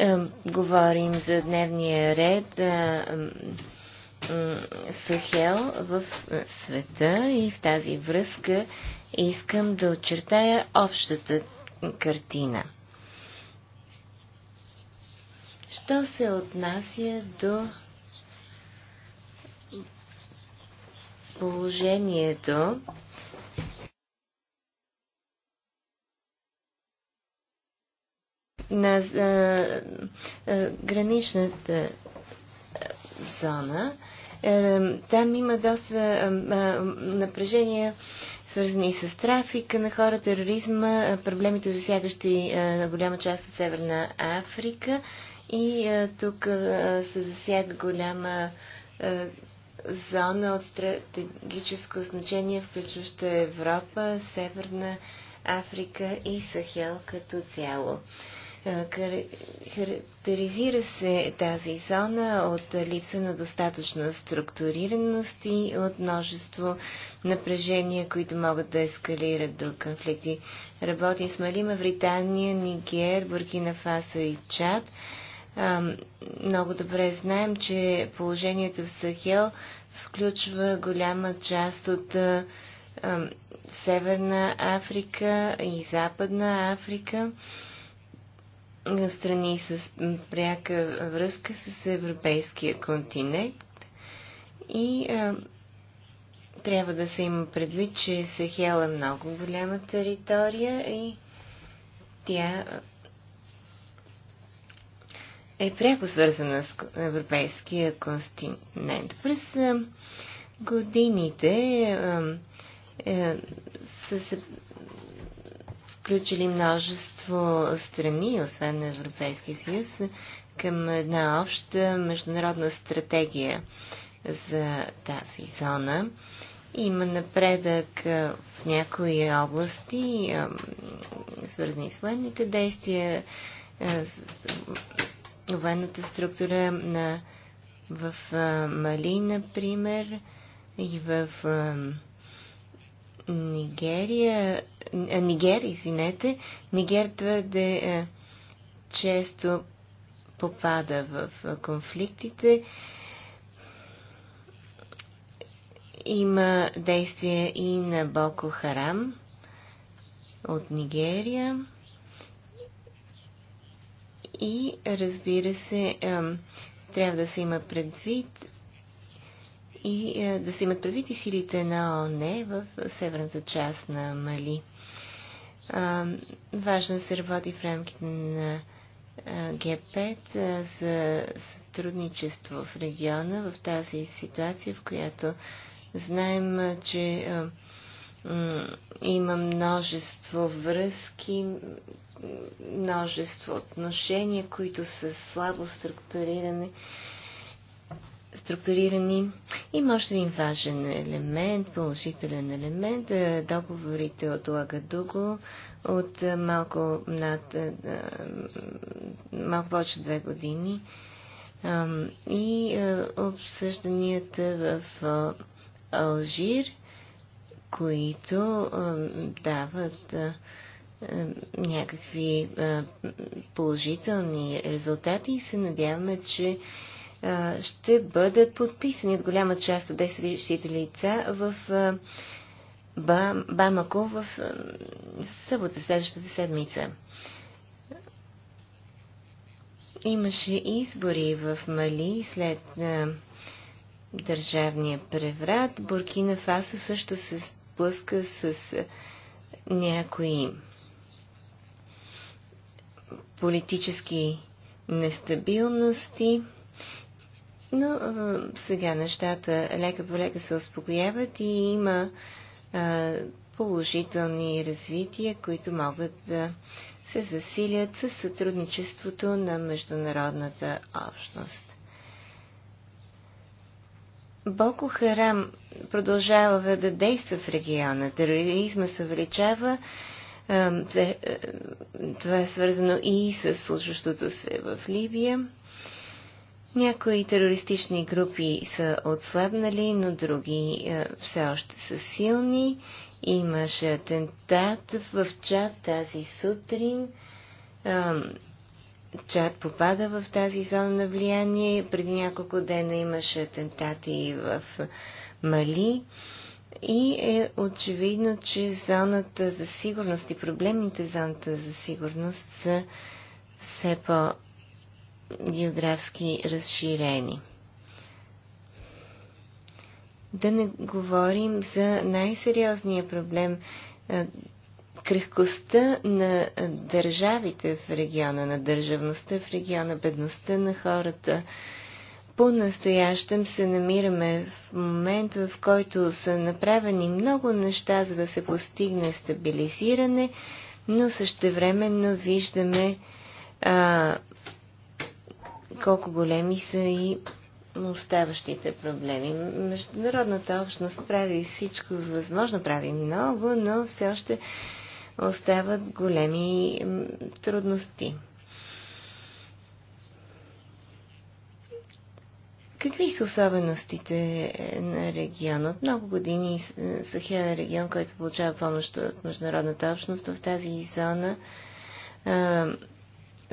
Е, говорим за дневния ред е, Сахел в света и в тази връзка искам да очертая общата картина. Що се отнася до положението на а, а, граничната зона. А, е, там има доста а, напрежения, свързани с трафика на хора, тероризма, проблемите засягащи на голяма част от Северна Африка. И а, тук а, се засяга голяма а, зона от стратегическо значение, включваща Европа, Северна Африка и Сахел като цяло. Е, характеризира се тази зона от липса на достатъчна структурираност и от множество напрежения, които могат да ескалират до конфликти. Работи с Мали, Мавритания, Нигер, Буркина Фасо и Чад. Е, много добре знаем, че положението в Сахел включва голяма част от е, Северна Африка и Западна Африка страни с пряка връзка с европейския континент и а, трябва да се има предвид, че Сахел е много голяма територия и тя е пряко свързана с европейския континент. През а, годините а, а, е, са се включили множество страни, освен на Европейския съюз, към една обща международна стратегия за тази зона. Има напредък в някои области, свързани с военните действия, с военната структура на, в Мали, например, и в Нигерия Нигер, извинете, Нигер твърде а, често попада в конфликтите. Има действия и на Боко Харам от Нигерия. И разбира се, трябва да се има предвид и да се имат предвид и силите на ОНЕ в северната част на Мали. Важно да се работи в рамките на Г5 за сътрудничество в региона в тази ситуация, в която знаем, че има множество връзки, множество отношения, които са слабо структурирани структурирани. Има още един важен елемент, положителен елемент. Е, договорите от Лагадуго от е, малко, над, е, малко повече от две години и обсъжданията в Алжир, които дават някакви положителни резултати и се надяваме, че ще бъдат подписани от голяма част от действащите лица в Бамако в събота, следващата седмица. Имаше избори в Мали след държавния преврат. Буркина Фаса също се сблъска с някои политически нестабилности. Но а, сега нещата лека по лека се успокояват и има а, положителни развития, които могат да се засилят с сътрудничеството на международната общност. Боко Харам продължава да действа в региона. Тероризма се увеличава. Това е свързано и с случващото се в Либия. Някои терористични групи са отслабнали, но други е, все още са силни. Имаше атентат в чат тази сутрин. Е, чат попада в тази зона на влияние. Преди няколко дена имаше атентати в Мали. И е очевидно, че зоната за сигурност и проблемните зоната за сигурност са все по- географски разширени. Да не говорим за най-сериозния проблем крехкостта на държавите в региона, на държавността в региона, бедността на хората. По-настоящем се намираме в момент, в който са направени много неща, за да се постигне стабилизиране, но същевременно виждаме а, колко големи са и оставащите проблеми. Международната общност прави всичко възможно, прави много, но все още остават големи трудности. Какви са особеностите на региона? От много години е, Сахел е регион, който получава помощ от международната общност в тази зона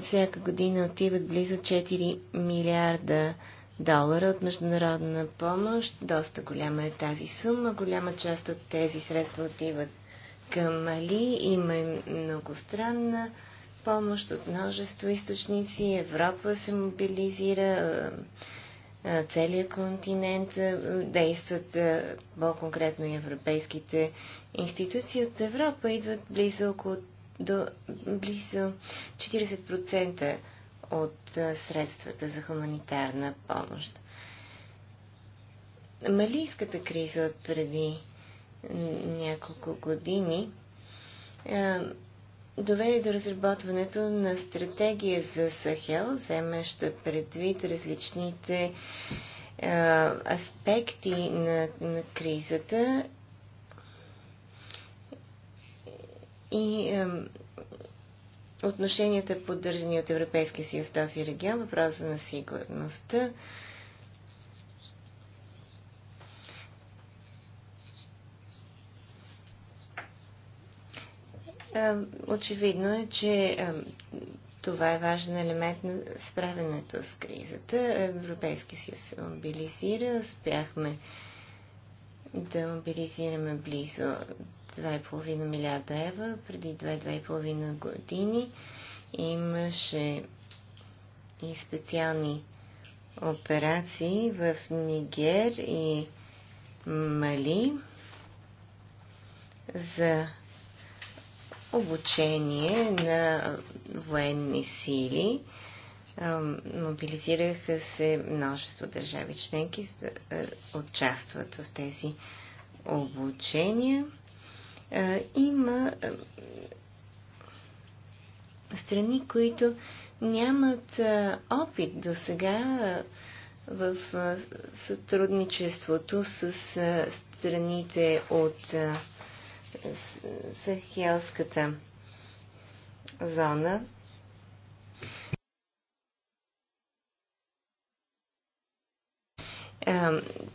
всяка година отиват близо 4 милиарда долара от международна помощ. Доста голяма е тази сума. Голяма част от тези средства отиват към Мали. Има и многостранна помощ от множество източници. Европа се мобилизира, е, е, целият континент е, действат по-конкретно европейските институции от Европа. Идват близо около до близо 40% от средствата за хуманитарна помощ. Малийската криза от преди няколко години доведе до разработването на стратегия за Сахел, вземаща предвид различните аспекти на, на кризата и е, отношенията, поддържани от Европейския съюз в този регион, въпроса на сигурността. Очевидно е, че това е важен елемент на справянето с кризата. Европейския съюз се мобилизира, успяхме да мобилизираме близо 2,5 милиарда евро. Преди 2-2,5 години имаше и специални операции в Нигер и Мали за обучение на военни сили Мобилизираха се множество държави членки, за да участват в тези обучения. Има страни, които нямат опит до сега в сътрудничеството с страните от Сахелската зона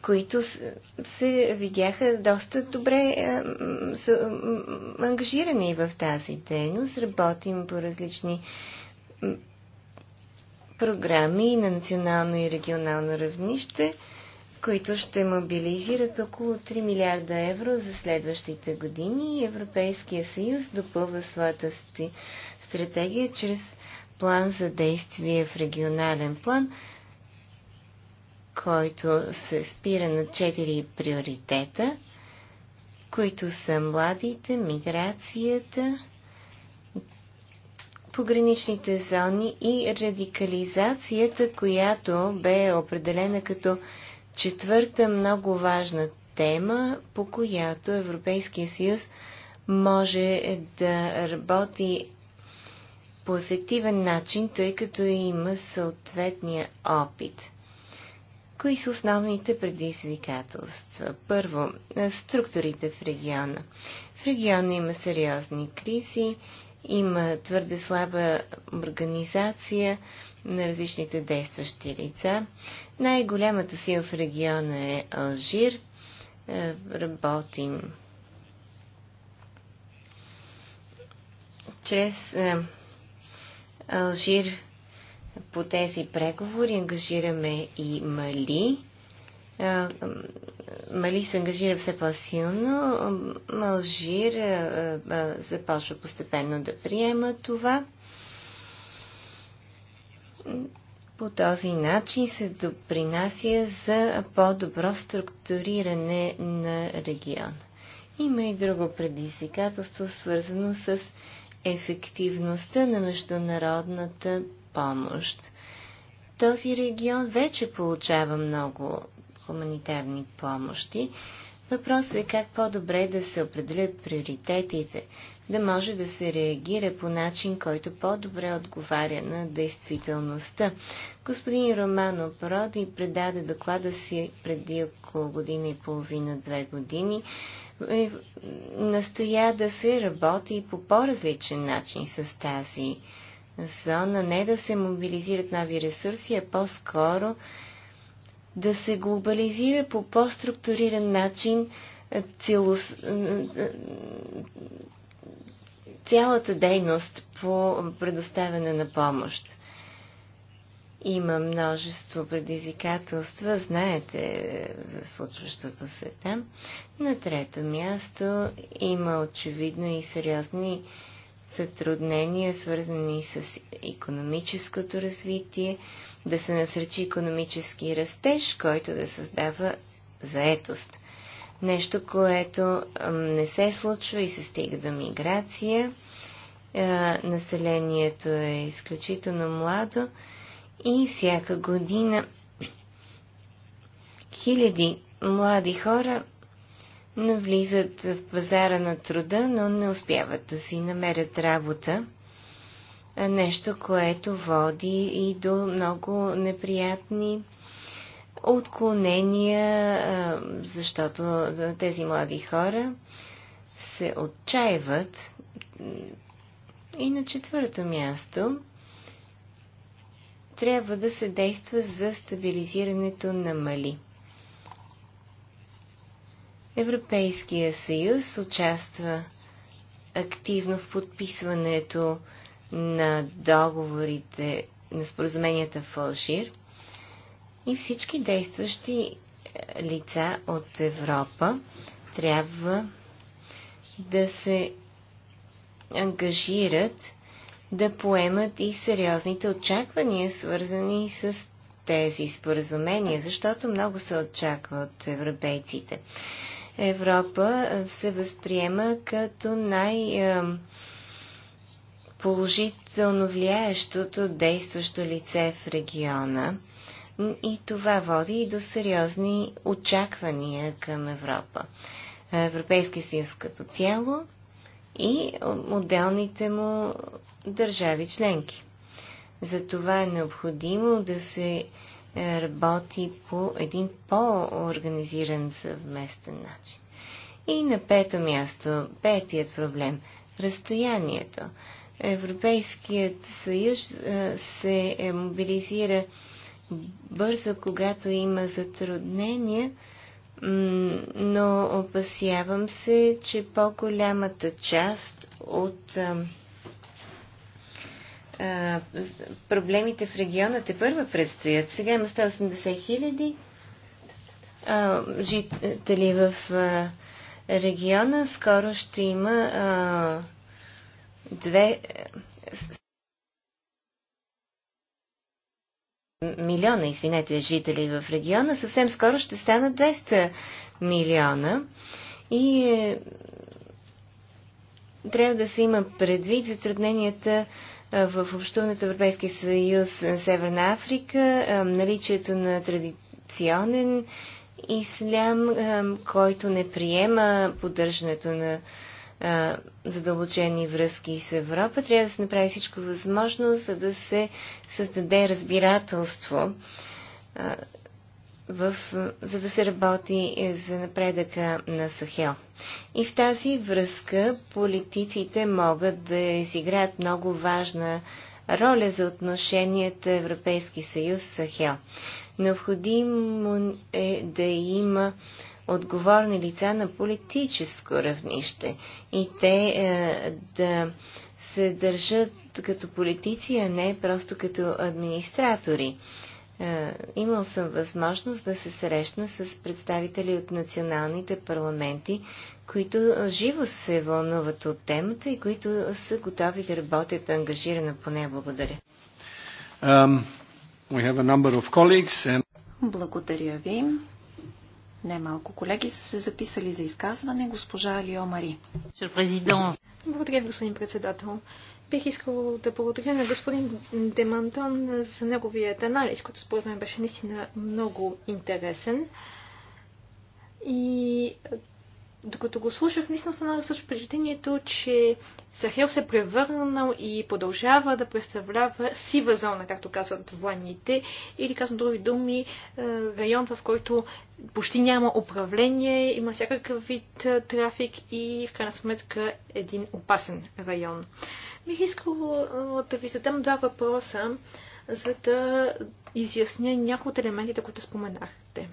които се видяха доста добре са ангажирани в тази дейност. Работим по различни програми на национално и регионално равнище, които ще мобилизират около 3 милиарда евро за следващите години. Европейския съюз допълва своята стратегия чрез план за действие в регионален план – който се спира на четири приоритета, които са младите, миграцията, пограничните зони и радикализацията, която бе определена като четвърта много важна тема, по която Европейския съюз може да работи по ефективен начин, тъй като има съответния опит. Кои са основните предизвикателства? Първо, е, структурите в региона. В региона има сериозни кризи, има твърде слаба организация на различните действащи лица. Най-голямата сила в региона е Алжир. Е, работим чрез е, Алжир по тези преговори ангажираме и Мали. Мали се ангажира все по-силно. Малжир започва постепенно да приема това. По този начин се допринася за по-добро структуриране на региона. Има и друго предизвикателство, свързано с ефективността на международната помощ. Този регион вече получава много хуманитарни помощи. Въпросът е как по-добре да се определят приоритетите, да може да се реагира по начин, който по-добре отговаря на действителността. Господин Романо Пароди предаде доклада си преди около година и половина-две години. Настоя да се работи по по-различен начин с тази зона не да се мобилизират нови ресурси, а по-скоро да се глобализира по по-структуриран начин цялата дейност по предоставяне на помощ. Има множество предизвикателства, знаете за случващото се там. На трето място има очевидно и сериозни затруднения, свързани с економическото развитие, да се насречи економически растеж, който да създава заетост. Нещо, което не се случва и се стига до миграция. Населението е изключително младо и всяка година хиляди млади хора навлизат в пазара на труда, но не успяват да си намерят работа. Нещо, което води и до много неприятни отклонения, защото тези млади хора се отчаиват. И на четвърто място трябва да се действа за стабилизирането на Мали. Европейския съюз участва активно в подписването на договорите, на споразуменията в Алжир и всички действащи е, лица от Европа трябва да се ангажират да поемат и сериозните очаквания, свързани с тези споразумения, защото много се очаква от европейците. Европа се възприема като най- положително влияещото действащо лице в региона. И това води и до сериозни очаквания към Европа. Европейския съюз като цяло и отделните му държави членки. това е необходимо да се е, работи по един по-организиран съвместен начин. И на пето място, петият проблем – разстоянието. Европейският съюз е, се е, мобилизира бързо, когато има затруднения, но опасявам се, че по-голямата част от а, проблемите в региона те първа предстоят. Сега има 180 хиляди жители в а, региона. Скоро ще има а, две... милиона, извинете, жители в региона, съвсем скоро ще станат 200 милиона. И е, трябва да се има предвид затрудненията в общуването Европейския съюз на Северна Африка, наличието на традиционен ислям, който не приема поддържането на задълбочени връзки с Европа. Трябва да се направи всичко възможно, за да се създаде разбирателство в, за да се работи е, за напредъка на Сахел. И в тази връзка политиците могат да изиграят много важна роля за отношенията Европейски съюз Сахел. Необходимо е да има отговорни лица на политическо равнище и те е, да се държат като политици, а не просто като администратори. Е, имал съм възможност да се срещна с представители от националните парламенти, които живо се вълнуват от темата и които са готови да работят ангажирано по нея. Благодаря. Um, we have a number of colleagues and... Благодаря ви. Немалко колеги са се записали за изказване. Госпожа Алио Мари. Благодаря ви, господин председател. Бих искал да благодаря на господин Демантон за неговият анализ, който според мен беше наистина много интересен. И докато го слушах, наистина останах с впечатлението, че Сахел се е превърнал и продължава да представлява сива зона, както казват военните, или казвам други думи, е, район, в който почти няма управление, има всякакъв вид е, трафик и в крайна сметка един опасен район. Бих искала да ви задам два въпроса, за да изясня някои от елементите, които споменахте.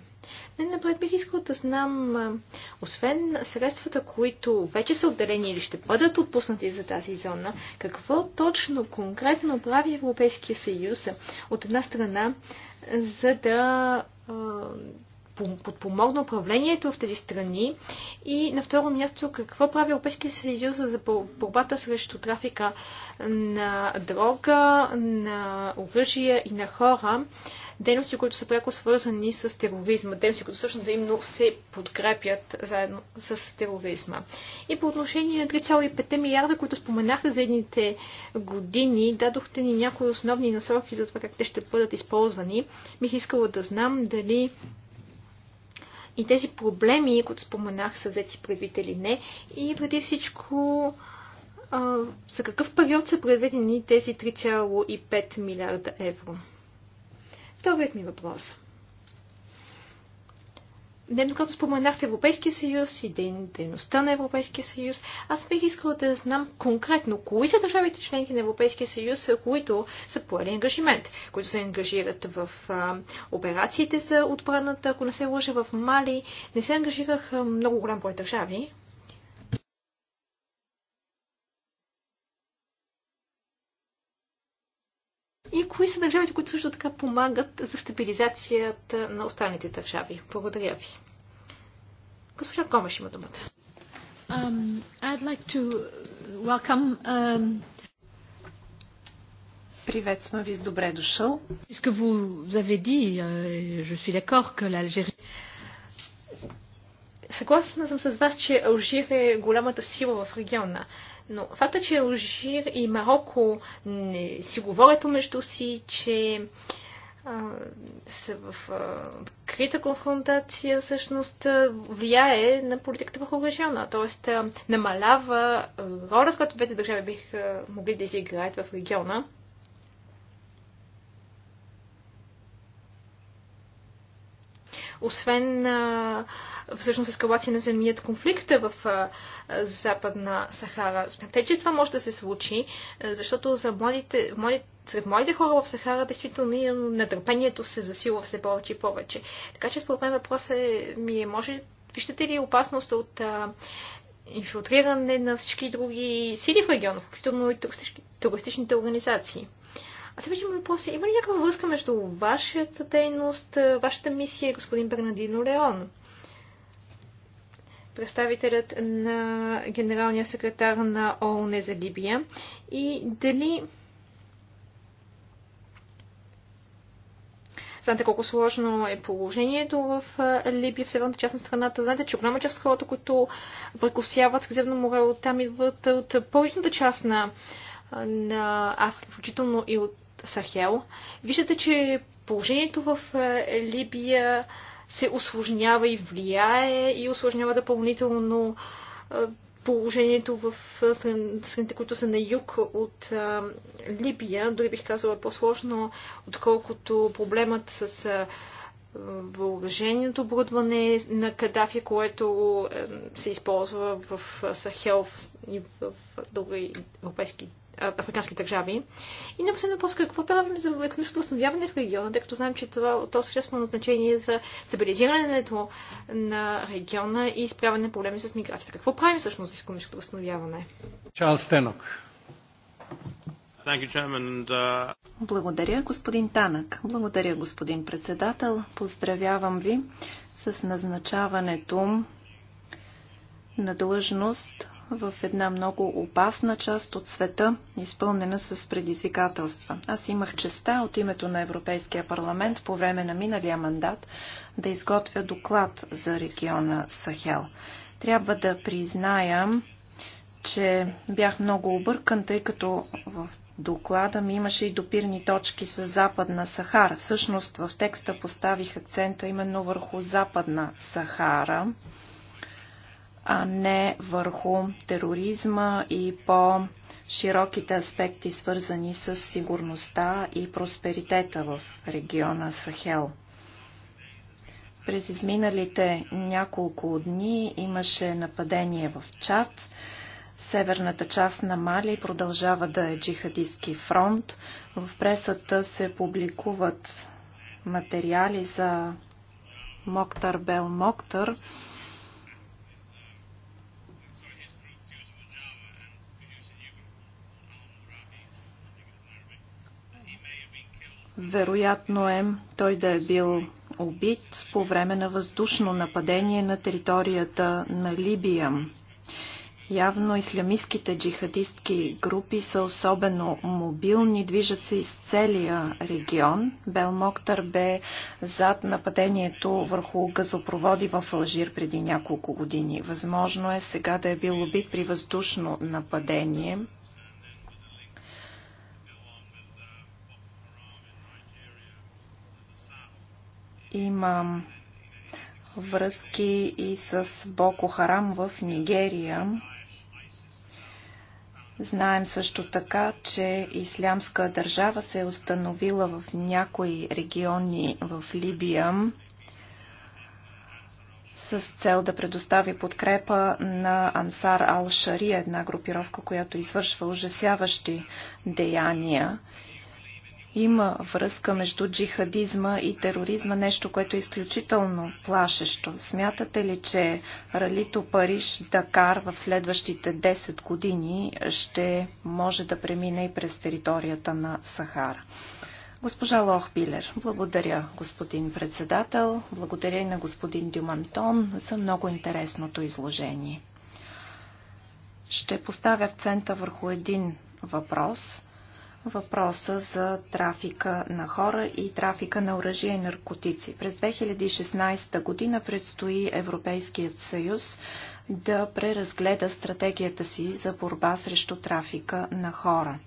Най-напред бих искала да знам, освен средствата, които вече са отделени или ще бъдат отпуснати за тази зона, какво точно конкретно прави Европейския съюз от една страна, за да подпомогна управлението в тези страни? И на второ място, какво прави Европейския съюз за борбата срещу трафика на дрога, на оръжия и на хора? дейности, които са пряко свързани с тероризма, дейности, които всъщност взаимно се подкрепят заедно с тероризма. И по отношение на 3,5 милиарда, които споменахте за едните години, дадохте ни някои основни насоки за това как те ще бъдат използвани. Бих искала да знам дали и тези проблеми, които споменах, са взети предвид или не. И преди всичко, а, за какъв период са предвидени тези 3,5 милиарда евро? Вторият ми въпрос докато споменахте Европейския съюз и дейността на Европейския съюз, аз бих искала да знам конкретно кои са държавите членки на Европейския съюз, които са поели ангажимент, които се ангажират в а, операциите за отбраната, ако не се лъжа в Мали, не се ангажираха много голям брой държави, кои са държавите, които също така помагат за стабилизацията на останалите държави? Благодаря ви. Госпожа Гомеш има думата. Um, I'd like to welcome, um... Приветствам ви с добре дошъл. Искам vous avez dit, euh, je suis d'accord que l'Algérie Съгласна съм с вас, че Алжир е голямата сила в региона. Но факта, че Алжир и Марокко не си говорят помежду си, че са в открита конфронтация, всъщност влияе на политиката върху региона. Тоест намалява ролята, която двете държави биха могли да изиграят в региона освен а, всъщност ескалация на земният конфликт в а, Западна Сахара. Смятате, че това може да се случи, защото за младите, младите сред младите хора в Сахара действително нетърпението се засилва все повече и повече. Така че според мен въпросът е, ми е, може, виждате ли опасност от а, инфилтриране на всички други сили в региона, включително и туристичните организации? А сега имам въпрос. Има ли някаква връзка между вашата дейност, е, вашата мисия и господин Бернадино Леон? представителят на генералния секретар на ООН за Либия и дали Знаете колко сложно е положението в е, Либия, в северната част на страната. Знаете, че голяма част от хората, които прекусяват Средиземно море, оттам идват от повечната част на, на Африка, включително и от Сахел. Виждате, че положението в е, Либия се осложнява и влияе и осложнява допълнително е, положението в е, страните, които са на юг от Либия, дори бих казала по-сложно, отколкото проблемът с въоръжението оборудване на Кадафи, което се използва в Сахел и в, в други европейски африкански държави. И на последно въпрос, какво правим за економическото възстановяване в региона, тъй като знаем, че това е съществено значение за стабилизирането на региона и справяне на проблеми с миграцията. Какво правим всъщност за економическото възстановяване? Чарлз Тенок. Uh, Благодаря, господин Танък. Благодаря, господин председател. Поздравявам ви с назначаването на длъжност в една много опасна част от света, изпълнена с предизвикателства. Аз имах честа от името на Европейския парламент по време на миналия мандат да изготвя доклад за региона Сахел. Трябва да призная, че бях много объркан, тъй като в доклада ми имаше и допирни точки с Западна Сахара. Всъщност в текста поставих акцента именно върху Западна Сахара а не върху тероризма и по-широките аспекти, свързани с сигурността и просперитета в региона Сахел. През изминалите няколко дни имаше нападение в Чад. Северната част на Мали продължава да е джихадистски фронт. В пресата се публикуват материали за Моктар Бел Моктар, Вероятно е той да е бил убит по време на въздушно нападение на територията на Либия. Явно ислямистските джихадистки групи са особено мобилни, движат се из целия регион. Белмоктър бе зад нападението върху газопроводи в Алжир преди няколко години. Възможно е сега да е бил убит при въздушно нападение. Има връзки и с Боко Харам в Нигерия. Знаем също така, че Ислямска държава се е установила в някои региони в Либия с цел да предостави подкрепа на Ансар Ал-Шари, една групировка, която извършва ужасяващи деяния има връзка между джихадизма и тероризма, нещо, което е изключително плашещо. Смятате ли, че ралито Париж-Дакар в следващите 10 години ще може да премине и през територията на Сахара? Госпожа Лохбилер, благодаря господин председател, благодаря и на господин Дюмантон за много интересното изложение. Ще поставя акцента върху един въпрос – въпроса за трафика на хора и трафика на оръжие и наркотици. През 2016 година предстои Европейският съюз да преразгледа стратегията си за борба срещу трафика на хора.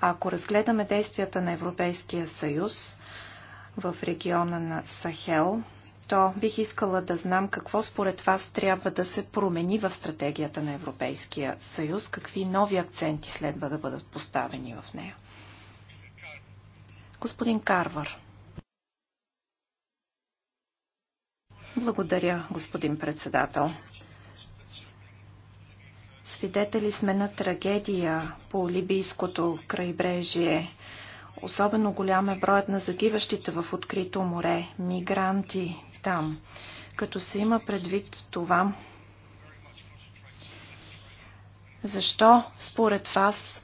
Ако разгледаме действията на Европейския съюз в региона на Сахел, защо бих искала да знам какво според вас трябва да се промени в стратегията на Европейския съюз, какви нови акценти следва да бъдат поставени в нея. Господин Карвар. Благодаря, господин председател. Свидетели сме на трагедия по либийското крайбрежие. Особено голям е броят на загиващите в открито море, мигранти там. Като се има предвид това, защо според вас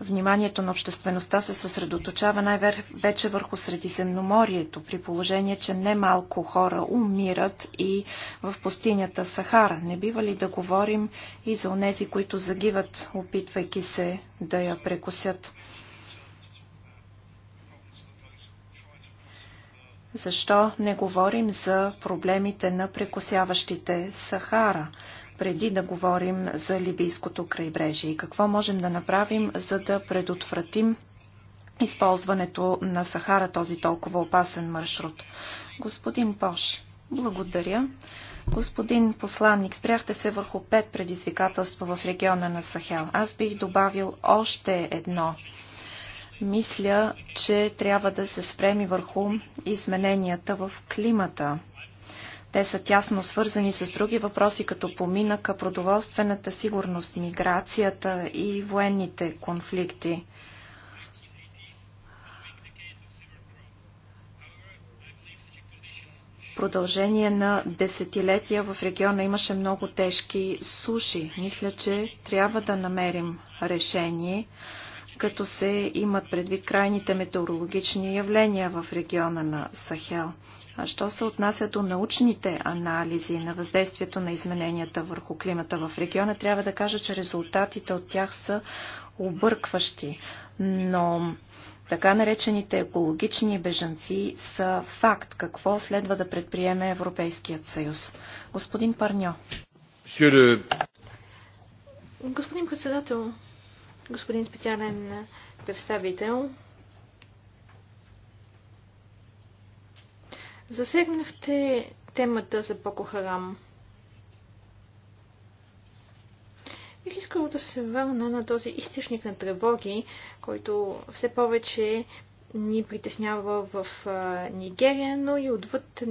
вниманието на обществеността се съсредоточава най-вече върху Средиземноморието, при положение, че немалко хора умират и в пустинята Сахара. Не бива ли да говорим и за онези, които загиват, опитвайки се да я прекусят? Защо не говорим за проблемите на прекосяващите Сахара, преди да говорим за Либийското крайбрежие? И какво можем да направим, за да предотвратим използването на Сахара, този толкова опасен маршрут? Господин Пош, благодаря. Господин посланник, спряхте се върху пет предизвикателства в региона на Сахел. Аз бих добавил още едно – мисля, че трябва да се спреми върху измененията в климата. Те са тясно свързани с други въпроси, като поминъка, продоволствената сигурност, миграцията и военните конфликти. продължение на десетилетия в региона имаше много тежки суши. Мисля, че трябва да намерим решение като се имат предвид крайните метеорологични явления в региона на Сахел. А що се отнася до научните анализи на въздействието на измененията върху климата в региона, трябва да кажа, че резултатите от тях са объркващи. Но така наречените екологични бежанци са факт. Какво следва да предприеме Европейският съюз? Господин Парньо. Господин председател, господин специален представител. Засегнахте темата за Боко Харам. Бих искал да се върна на този източник на тревоги, който все повече ни притеснява в Нигерия, но и отвъд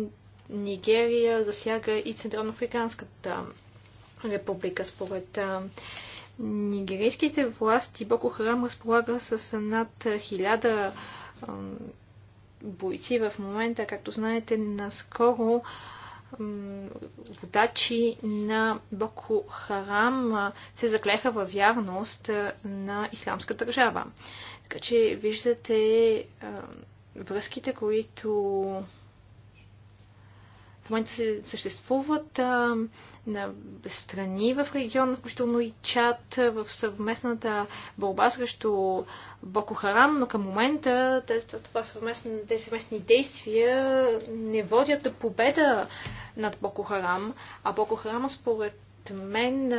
Нигерия засяга и Централноафриканската република. Според Нигерийските власти Боко Харам разполага с над хиляда бойци в момента. Както знаете, наскоро водачи на Боко Харам се заклеха във вярност на исламска държава. Така че виждате връзките, които в момента се съществуват а, на страни в региона, включително и чат в съвместната борба срещу Боко Харам, но към момента това съвместно, тези съвместни действия не водят до победа над Боко Харам, а Боко Харам според мен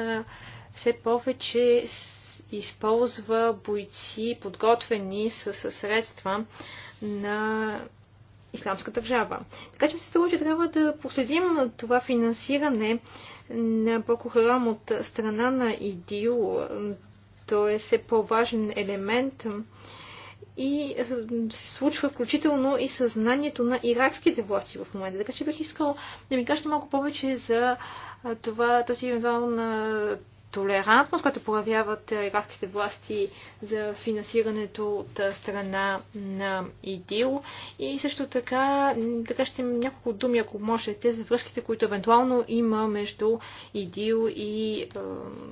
все повече използва бойци, подготвени с средства на исламска държава. Така че ми се струва, че трябва да последим това финансиране на Боко Харам от страна на ИДИО. Той е все по-важен елемент и е, се случва включително и съзнанието на иракските власти в момента. Така че бих искал да ми кажете малко повече за това, този на толерантност, която проявяват иракските власти за финансирането от страна на ИДИЛ. И също така, така ще има няколко думи, ако можете, за връзките, които евентуално има между ИДИЛ и е,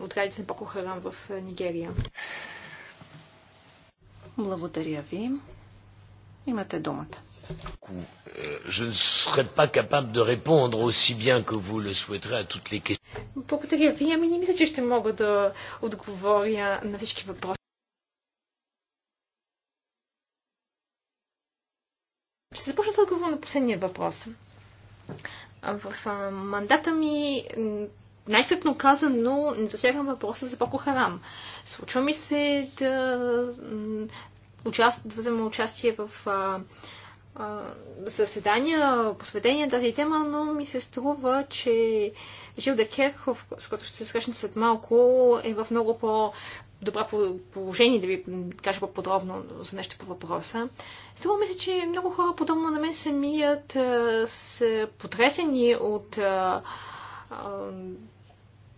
отрядите на Боко Харам в Нигерия. Благодаря ви. Имате думата. Благодаря ви. Ами не мисля, че ще мога да отговоря на всички въпроси. Ще започна с отговор на последния въпрос. В а, мандата ми най-стъпно казано не засягам въпроса за Боко Харам. Случва ми се да участ... взема участие в а, заседания, посветения на тази тема, но ми се струва, че Жилда Керхов, с който ще се срещна след малко, е в много по-добра положение да ви кажа по-подробно за нещо по въпроса. Струва ми се, че много хора, подобно на мен самият, са потресени от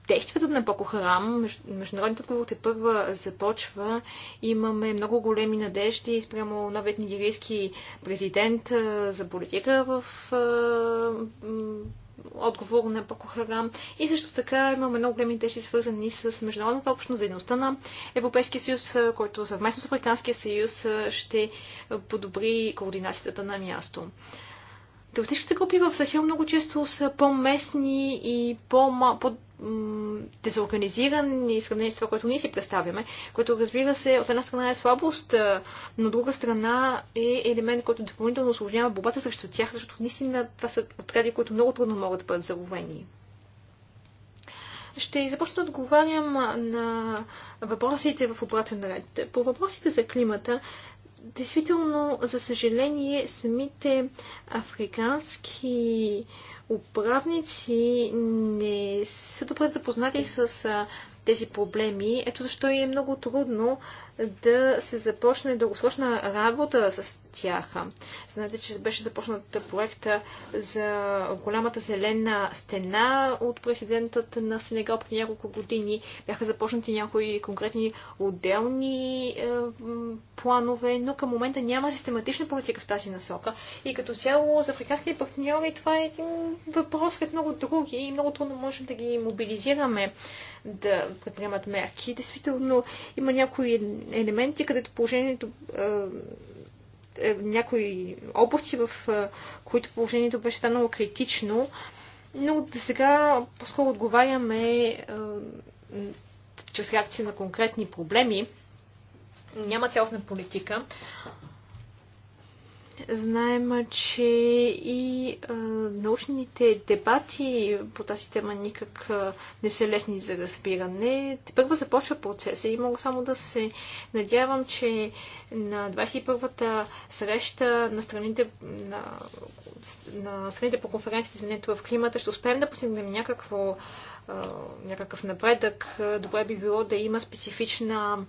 действията на Боко Харам, международният отговор те първа започва. Имаме много големи надежди спрямо новият нигерийски президент за политика в отговор на Боко Харам. И също така имаме много големи тежи, свързани с международната общност, дейността на Европейския съюз, който съвместно с Африканския съюз ще подобри координацията на място. Теоретичните групи в Сахил много често са по-местни и по-малко дезорганизирани и сравнение с това, което ние си представяме, което разбира се от една страна е слабост, но от друга страна е елемент, който допълнително осложнява борбата срещу тях, защото наистина това са отряди, които много трудно могат да бъдат заловени. Ще започна да отговарям на въпросите в обратен ред. По въпросите за климата, действително, за съжаление, самите африкански управници не са добре запознати с тези проблеми. Ето защо е много трудно да се започне дългосрочна работа с тях. Знаете, че беше започнат проекта за голямата зелена стена от президентът на Сенегал преди няколко години. Бяха започнати някои конкретни отделни е, планове, но към момента няма систематична политика в тази насока. И като цяло за африканските партньори това е един въпрос като много други и много трудно можем да ги мобилизираме да предприемат мерки. Действително има някои елементи, където положението е, някои области, в които положението беше станало критично, но да сега по-скоро отговаряме чрез реакция на конкретни проблеми. Няма цялостна политика. Знаем, че и а, научните дебати по тази тема никак а, не са лесни за разбиране. Те Първо започва процеса и мога само да се надявам, че на 21-та среща на страните, на, на страните по конференцията изменението в климата ще успеем да постигнем някакво, а, някакъв напредък. Добре би било да има специфична а,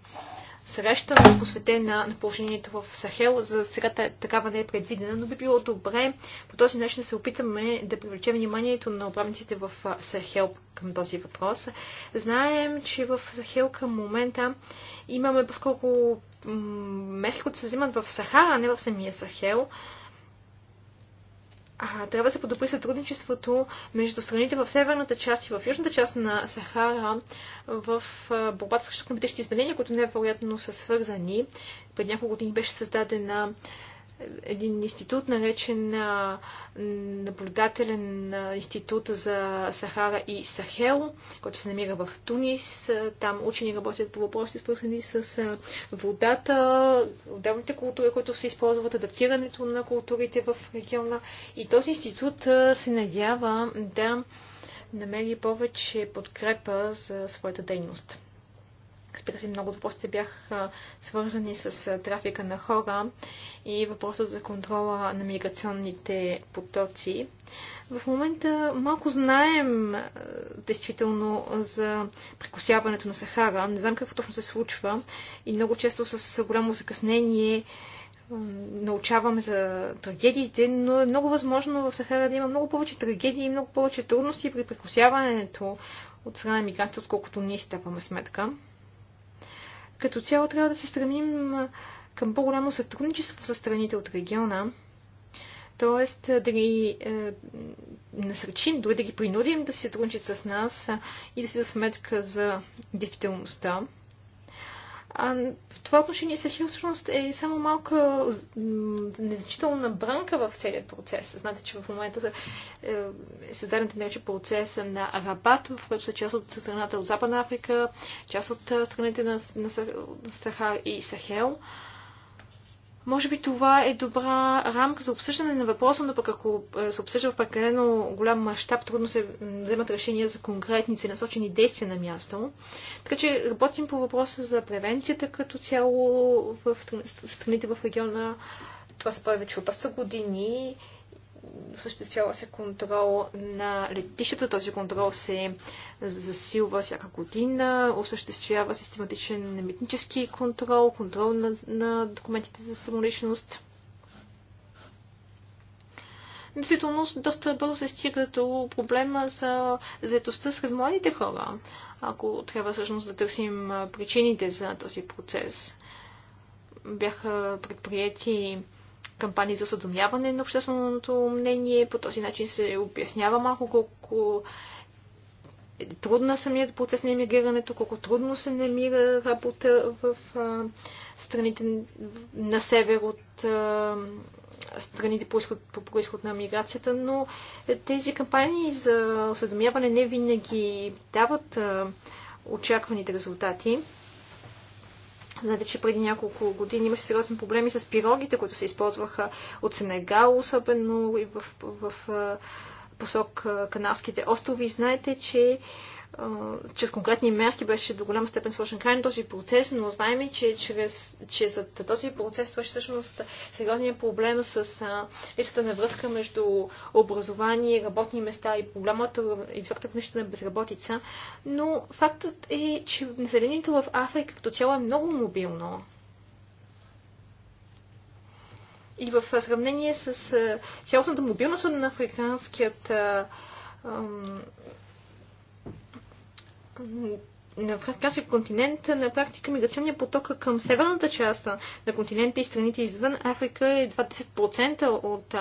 среща, посветена на положението в Сахел. За сега такава не е предвидена, но би било добре по този начин да се опитаме да привлечем вниманието на управниците в Сахел към този въпрос. Знаем, че в Сахел към момента имаме по-скоро които се взимат в Сахара, а не в самия Сахел а, трябва да се подобри сътрудничеството между страните в северната част и в южната част на Сахара в а, борбата с климатичните изменения, които невероятно са свързани. Пред няколко години беше създадена един институт, наречен на наблюдателен институт за Сахара и Сахел, който се намира в Тунис. Там учени работят по въпроси, свързани с водата, отделните култури, които се използват, адаптирането на културите в региона. И този институт се надява да намери повече подкрепа за своята дейност. Разбира се, много въпросите бяха свързани с трафика на хора и въпроса за контрола на миграционните потоци. В момента малко знаем действително за прекусяването на Сахара. Не знам какво точно се случва и много често с голямо закъснение научаваме за трагедиите, но е много възможно в Сахара да има много повече трагедии и много повече трудности при прекусяването от страна на мигранти, отколкото ние си тапаме сметка. Като цяло трябва да се стремим към по-голямо сътрудничество с страните от региона, т.е. да ги е, насръчим, дори да ги принудим да се сътрудничат с нас и да си да сметка за действителността. А в това отношение Сахил всъщност е само малка незначителна бранка в целият процес. Знаете, че в момента е, е създадената нарече процеса на Арабат, в който са част от страната от Западна Африка, част от страните на, на, на Сахар и Сахел. А, може би това е добра рамка за обсъждане на въпроса, но пък ако е, се обсъжда в прекалено голям мащаб, трудно се вземат решения за конкретни целенасочени действия на място. Така че работим по въпроса за превенцията като цяло в страните в региона. Това се прави вече от 8 години осъществява се контрол на летищата. Този контрол се засилва всяка година, осъществява систематичен митнически контрол, контрол на, на документите за самоличност. Действително, доста бързо се стига до проблема за заедостта сред младите хора, ако трябва всъщност да търсим причините за този процес. Бяха предприяти кампании за съдомяване на общественото мнение. По този начин се обяснява малко колко е трудна самият процес на емигрирането, колко трудно се намира работа в а, страните на север от а, страните по происход, по происход на миграцията, но тези кампании за осведомяване не винаги дават а, очакваните резултати. Знаете, че преди няколко години имаше сериозни проблеми с пирогите, които се използваха от Сенегал, особено и в, в, в посок Канарските острови. Знаете, че чрез конкретни мерки беше до голяма степен сложен край на този процес, но знаем, и, че, чрез, че за този процес това е всъщност сериозният проблем с липсата на връзка между образование, работни места и голямата и високата конища на безработица. Но фактът е, че населението в Африка като цяло е много мобилно. И в сравнение с цялостната мобилност на африканският на Африканския континент на практика миграционния поток към северната част на континента и страните извън Африка е 20% от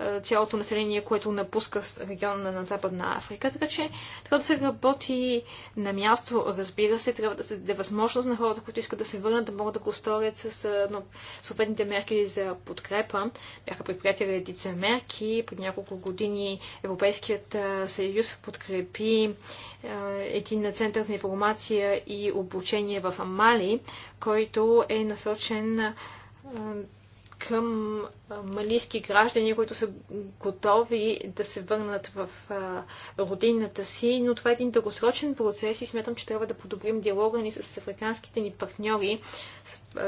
е, цялото население, което напуска региона на Западна Африка. Така че трябва да се работи на място, разбира се, трябва да се даде възможност на хората, които искат да се върнат, да могат да го сторят с е, но, съответните мерки за подкрепа. Бяха предприяти редица мерки. Под няколко години Европейският е, съюз подкрепи един център за информация и обучение в Амали, който е насочен към малийски граждани, които са готови да се върнат в родината си, но това е един дългосрочен процес и смятам, че трябва да подобрим диалога ни с африканските ни партньори,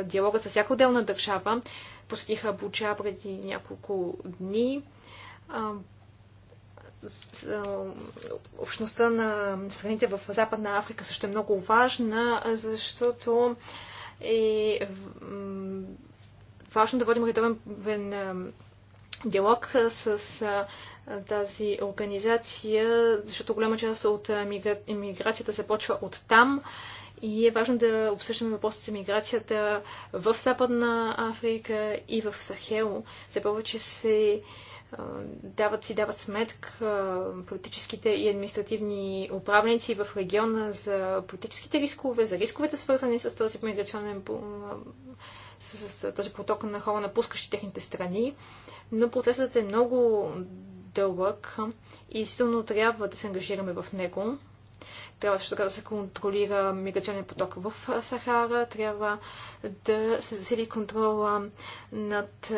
диалога с всяка отделна държава. Посетиха буча преди няколко дни общността на страните в Западна Африка също е много важна, защото е важно да водим редовен диалог с тази организация, защото голяма част от иммиграцията започва от там и е важно да обсъждаме въпросите за миграцията в Западна Африка и в Сахел. Все повече се дават си дават сметка политическите и административни управленици в региона за политическите рискове, за рисковете свързани с този миграционен с, с, този поток на хора, напускащи техните страни. Но процесът е много дълъг и силно трябва да се ангажираме в него. Трябва също така да се контролира миграционния поток в Сахара, трябва да се засили контрола над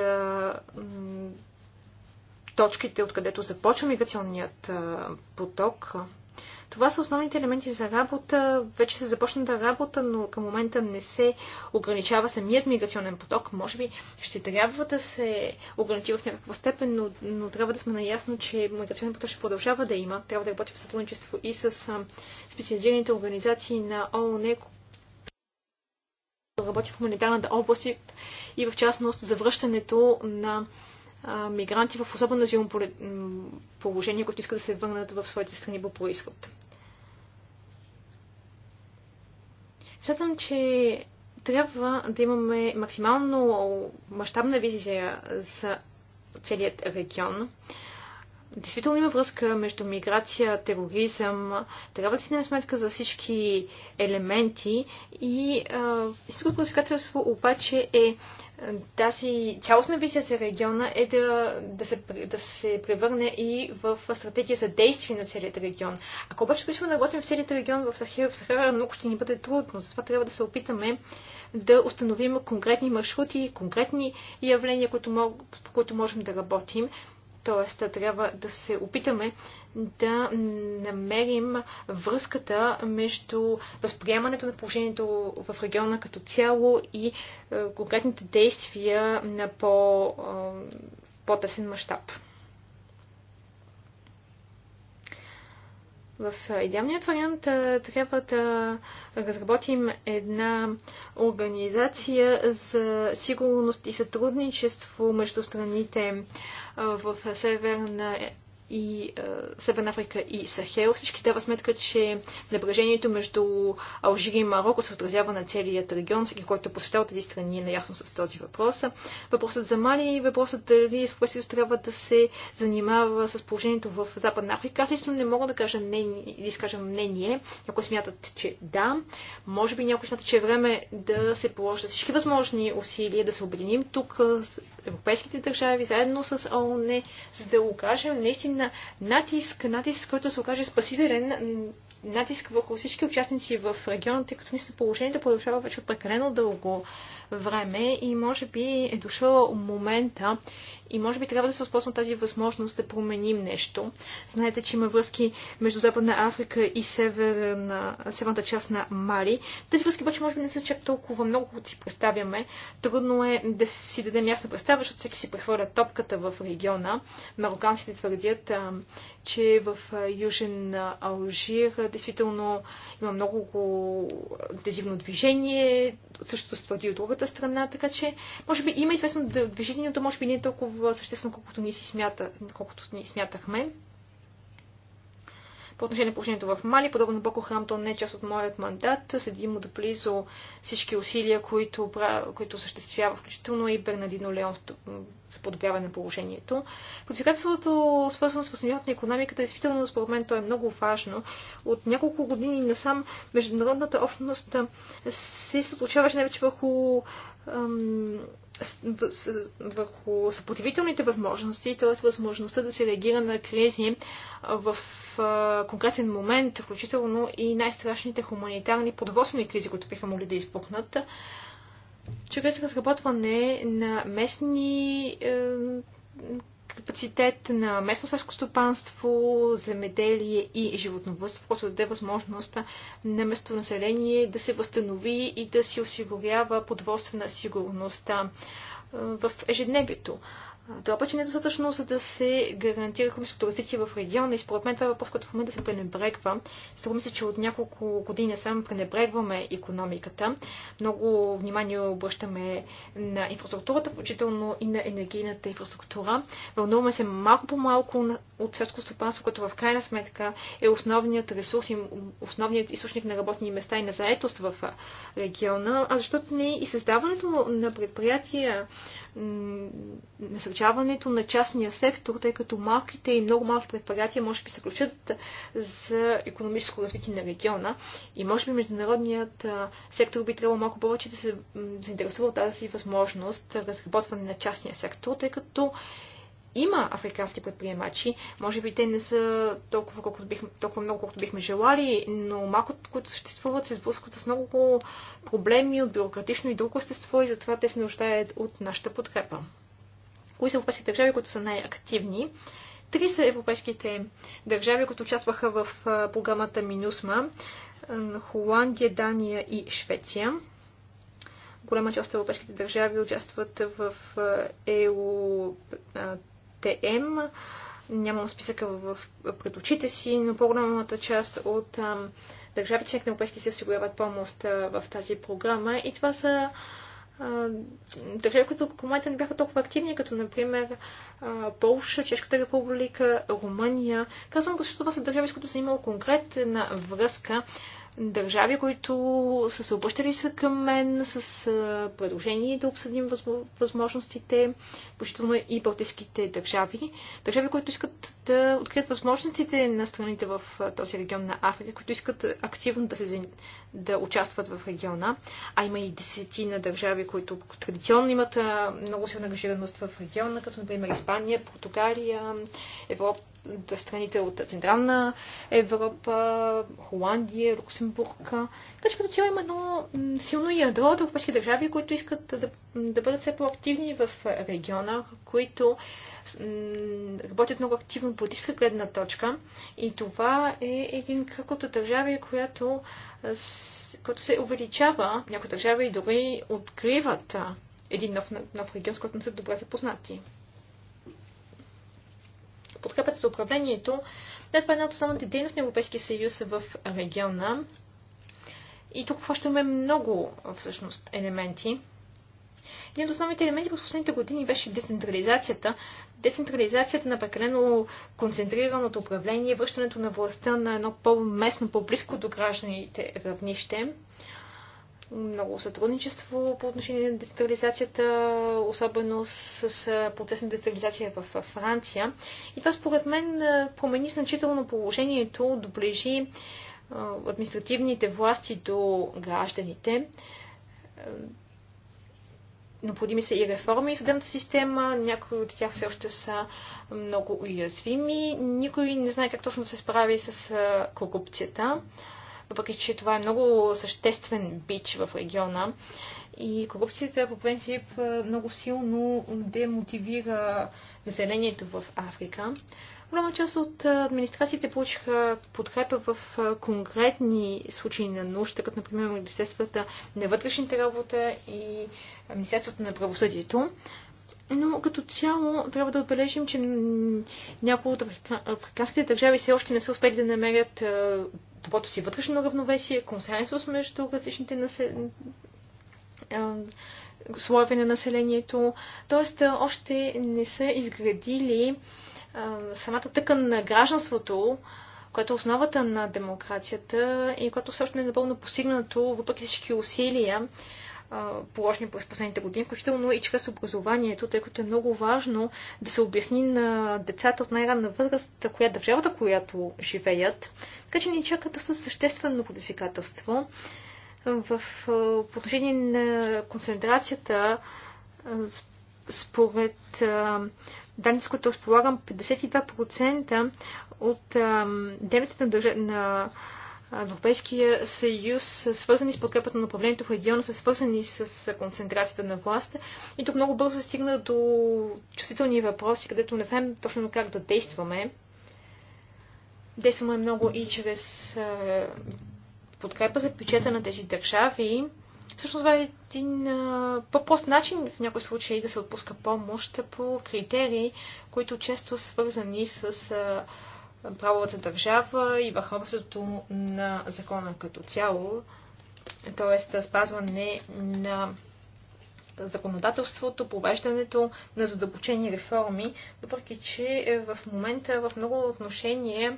точките, откъдето започва миграционният поток. Това са основните елементи за работа. Вече се започна да работа, но към момента не се ограничава самият миграционен поток. Може би ще трябва да се ограничи в някаква степен, но, но трябва да сме наясно, че миграционен поток ще продължава да има. Трябва да работи в сътрудничество и с специализираните организации на ООН, работи в хуманитарната област и в частност завръщането на а, мигранти в особено уязвимо положение, които искат да се върнат в своите страни по происход. Смятам, че трябва да имаме максимално мащабна визия за целият регион. Действително има връзка между миграция, тероризъм. Трябва да си дадем сметка за всички елементи. И истинското предизвикателство обаче е тази цялостна визия за региона е да, да, се, да се превърне и в стратегия за действие на целият регион. Ако обаче решим да работим в целият регион в Сахара, в Сахара много ще ни бъде трудно. Затова трябва да се опитаме да установим конкретни маршрути, конкретни явления, които мог, по които можем да работим. Тоест, трябва да се опитаме да намерим връзката между възприемането на положението в региона като цяло и е, конкретните действия на по, е, по-тесен мащаб. В идеалният вариант трябва да разработим една организация за сигурност и сътрудничество между страните в Северна и а, е, Северна Африка и Сахел. Всички дава сметка, че напрежението между Алжири и Марокко се отразява на целият регион. Всеки, който е посещава тези страни, е наясно с този въпрос. Въпросът за Мали и въпросът дали Европейския трябва да се занимава с положението в Западна Африка. Аз лично не мога да кажа мнение, да изкажа мнение. Някои смятат, че да. Може би някои смятат, че е време да се положат всички възможни усилия, да се обединим тук с европейските държави, заедно с ООН, за да окажем наистина натиск, натиск, който се окаже спасителен натиск върху всички участници в региона, тъй като наистина положението продължава вече прекалено дълго време и може би е дошъл момента и може би трябва да се възползвам тази възможност да променим нещо. Знаете, че има връзки между Западна Африка и северна, северната част на Мали. Тези връзки обаче може би не са чак толкова много, когато си представяме. Трудно е да си дадем ясна представа, защото всеки си прехвърля топката в региона. Мароканците твърдят, че в Южен Алжир действително има много интензивно движение, същото се твърди от другата страна, така че може би има известно движението, може би не е толкова съществено, колкото ние, си смята, колкото ни смятахме. По отношение на положението в Мали, подобно Боко Храм, то не е част от моят мандат. Следим близо всички усилия, които, които съществява, включително и Бернадино Леон за подобряване на положението. Квалификацията, свързано с възстановяването на економиката, действително, според мен, то е много важно. От няколко години насам международната общност се съсредоточаваше най-вече върху върху съпротивителните възможности, т.е. възможността да се реагира на кризи в конкретен момент, включително и най-страшните хуманитарни продоволствени кризи, които биха могли да изпухнат, чрез разработване на местни капацитет на местно селско стопанство, земеделие и животновътство, което даде възможност на местно население да се възстанови и да си осигурява продоволствена сигурност в ежедневието. Това обаче не е достатъчно, за да се гарантира економическото развитие в региона и според мен това е въпрос, който в момента да се пренебрегва. Струва ми се, че от няколко години само пренебрегваме економиката. Много внимание обръщаме на инфраструктурата, включително и на енергийната инфраструктура. Вълнуваме се малко по малко от селско стопанство, което в крайна сметка е основният ресурс и основният източник на работни места и на заетост в региона. А защото не и създаването на предприятия насърчаването на частния сектор, тъй като малките и много малки предприятия може би се ключат за економическо развитие на региона и може би международният сектор би трябвало малко повече да се заинтересува от тази възможност разработване на частния сектор, тъй като има африкански предприемачи. Може би те не са толкова, колкото бих, толкова много, колкото бихме желали, но малкото, които съществуват, се сблъскват с много проблеми от бюрократично и друго естество и затова те се нуждаят от нашата подкрепа. Кои са европейските държави, които са най-активни? Три са европейските държави, които участваха в програмата Минусма. Холандия, Дания и Швеция. Голяма част от европейските държави участват в ЕО ТМ. Нямам списъка в, пред очите си, но по-голямата част от държавите членки на Европейския съюз осигуряват помощ а, в тази програма и това са държави, които в момента не бяха толкова активни, като например Полша, Чешката република, Румъния. Казвам, защото това са държави, с които са имало конкретна връзка държави, които са се обръщали са към мен с предложение да обсъдим възможностите, включително и балтийските държави. Държави, които искат да открият възможностите на страните в този регион на Африка, които искат активно да, се, да участват в региона. А има и десетина държави, които традиционно имат много силна ангажираност в региона, като например Испания, Португалия, Европа, страните от Централна Европа, Холандия, Люксембург. Така че като цяло има едно силно ядро от европейски държави, които искат да, да бъдат все по-активни в региона, които работят много активно по политическа гледна точка. И това е един кръг от държави, която, която се увеличава. Някои държави дори откриват един нов, нов регион, с който не са добре запознати подкрепата за управлението, да, това е една от основните дейности на Европейския съюз в региона. И тук хващаме много всъщност елементи. Един от основните елементи през последните години беше децентрализацията. Децентрализацията на прекалено концентрираното управление, връщането на властта на едно по-местно, по-близко до гражданите равнище много сътрудничество по отношение на децентрализацията, особено с, с процес на децентрализация в Франция. И това според мен промени значително положението, доближи административните власти до гражданите. Необходими са и реформи в съдебната система, някои от тях все още са много уязвими, никой не знае как точно да се справи с корупцията въпреки че това е много съществен бич в региона. И корупцията по принцип е, много силно демотивира населението в Африка. Голяма част от е, администрациите получиха подкрепа в е, конкретни случаи на нужда, като например Министерствата на вътрешните работа и Министерството на правосъдието но като цяло трябва да отбележим, че някои от африканските държави все още не са успели да намерят товато си вътрешно равновесие, консенсус между различните слоеве на населението. Тоест, още не са изградили самата тъкан на гражданството, което е основата на демокрацията и което също не е напълно постигнато, въпреки всички усилия положени през последните години, включително и чрез образованието, тъй като е много важно да се обясни на децата от най-ранна възраст, коя държавата, която живеят. Така че ни чакат доста съществено предизвикателство в отношение на концентрацията според данни, с които разполагам, 52% от дейностите на, държа... на Европейския съюз, свързани с подкрепата на управлението в региона, са свързани с концентрацията на власт. И тук много бързо се стигна до чувствителни въпроси, където не знаем точно как да действаме. Действаме много и чрез подкрепа за бюджета на тези държави. Всъщност това е един по-прост начин в някои случаи да се отпуска помощ по критерии, които често свързани с а, правовата държава и върховството на закона като цяло, т.е. спазване на законодателството, повеждането на задълбочени реформи, въпреки че е, в момента в много отношение е,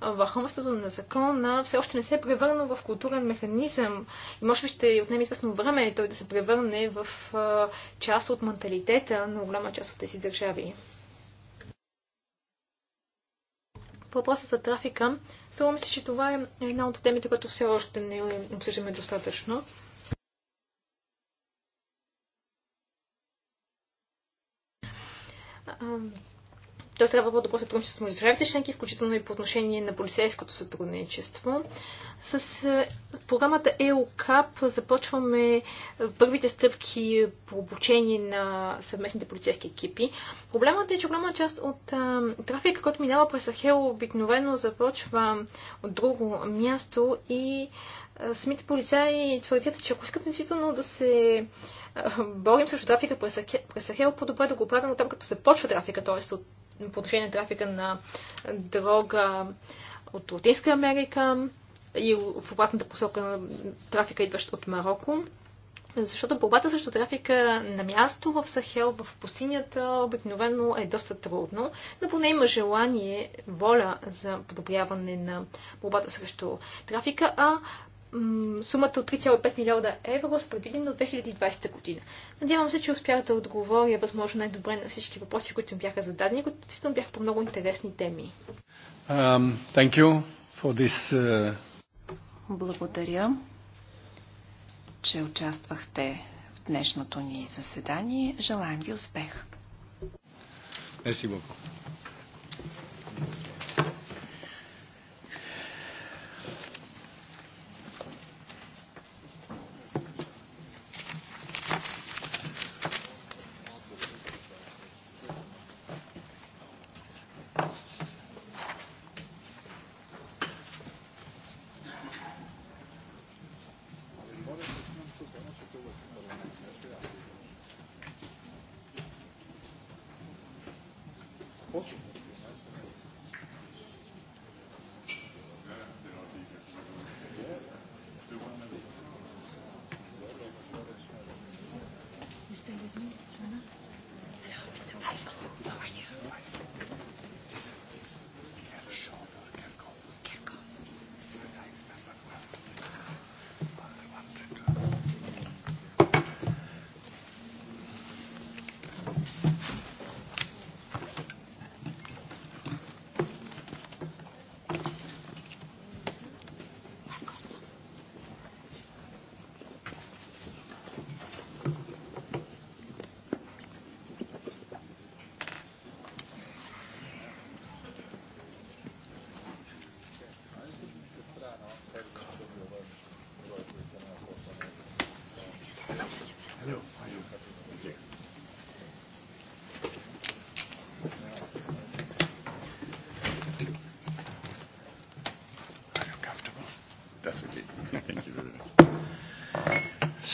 върховенството на закона все още не се е превърнал в културен механизъм и може би ще отнеме известно време той да се превърне в е, част от менталитета на голяма част от тези държави. По въпроса за трафика, струва ми се, че това е една от темите, която все още не обсъждаме достатъчно. Той трябва по-добро сътрудничество между държавите членки, включително и по отношение на полицейското сътрудничество. С е, програмата EOCAP започваме първите стъпки по обучение на съвместните полицейски екипи. Проблемът е, че голяма част от а, е, трафика, който минава през Сахел, обикновено започва от друго място и е, самите полицаи твърдят, че ако искат действително да се борим срещу трафика през Сахел, по-добре да го правим от там, като започва трафика, т.е. от по отношение на трафика на дрога от Латинска Америка и в обратната посока на трафика, идващ от Марокко. Защото борбата срещу трафика на място в Сахел, в пустинята, обикновено е доста трудно, но поне има желание, воля за подобряване на борбата срещу трафика, а сумата от 3,5 милиарда евро с предвидено 2020 година. Надявам се, че успях да отговоря възможно най-добре на всички въпроси, които им бяха зададени, които действително бяха по много интересни теми. Um, thank you for this, uh... Благодаря, че участвахте в днешното ни заседание. Желаем ви успех. Merci beaucoup.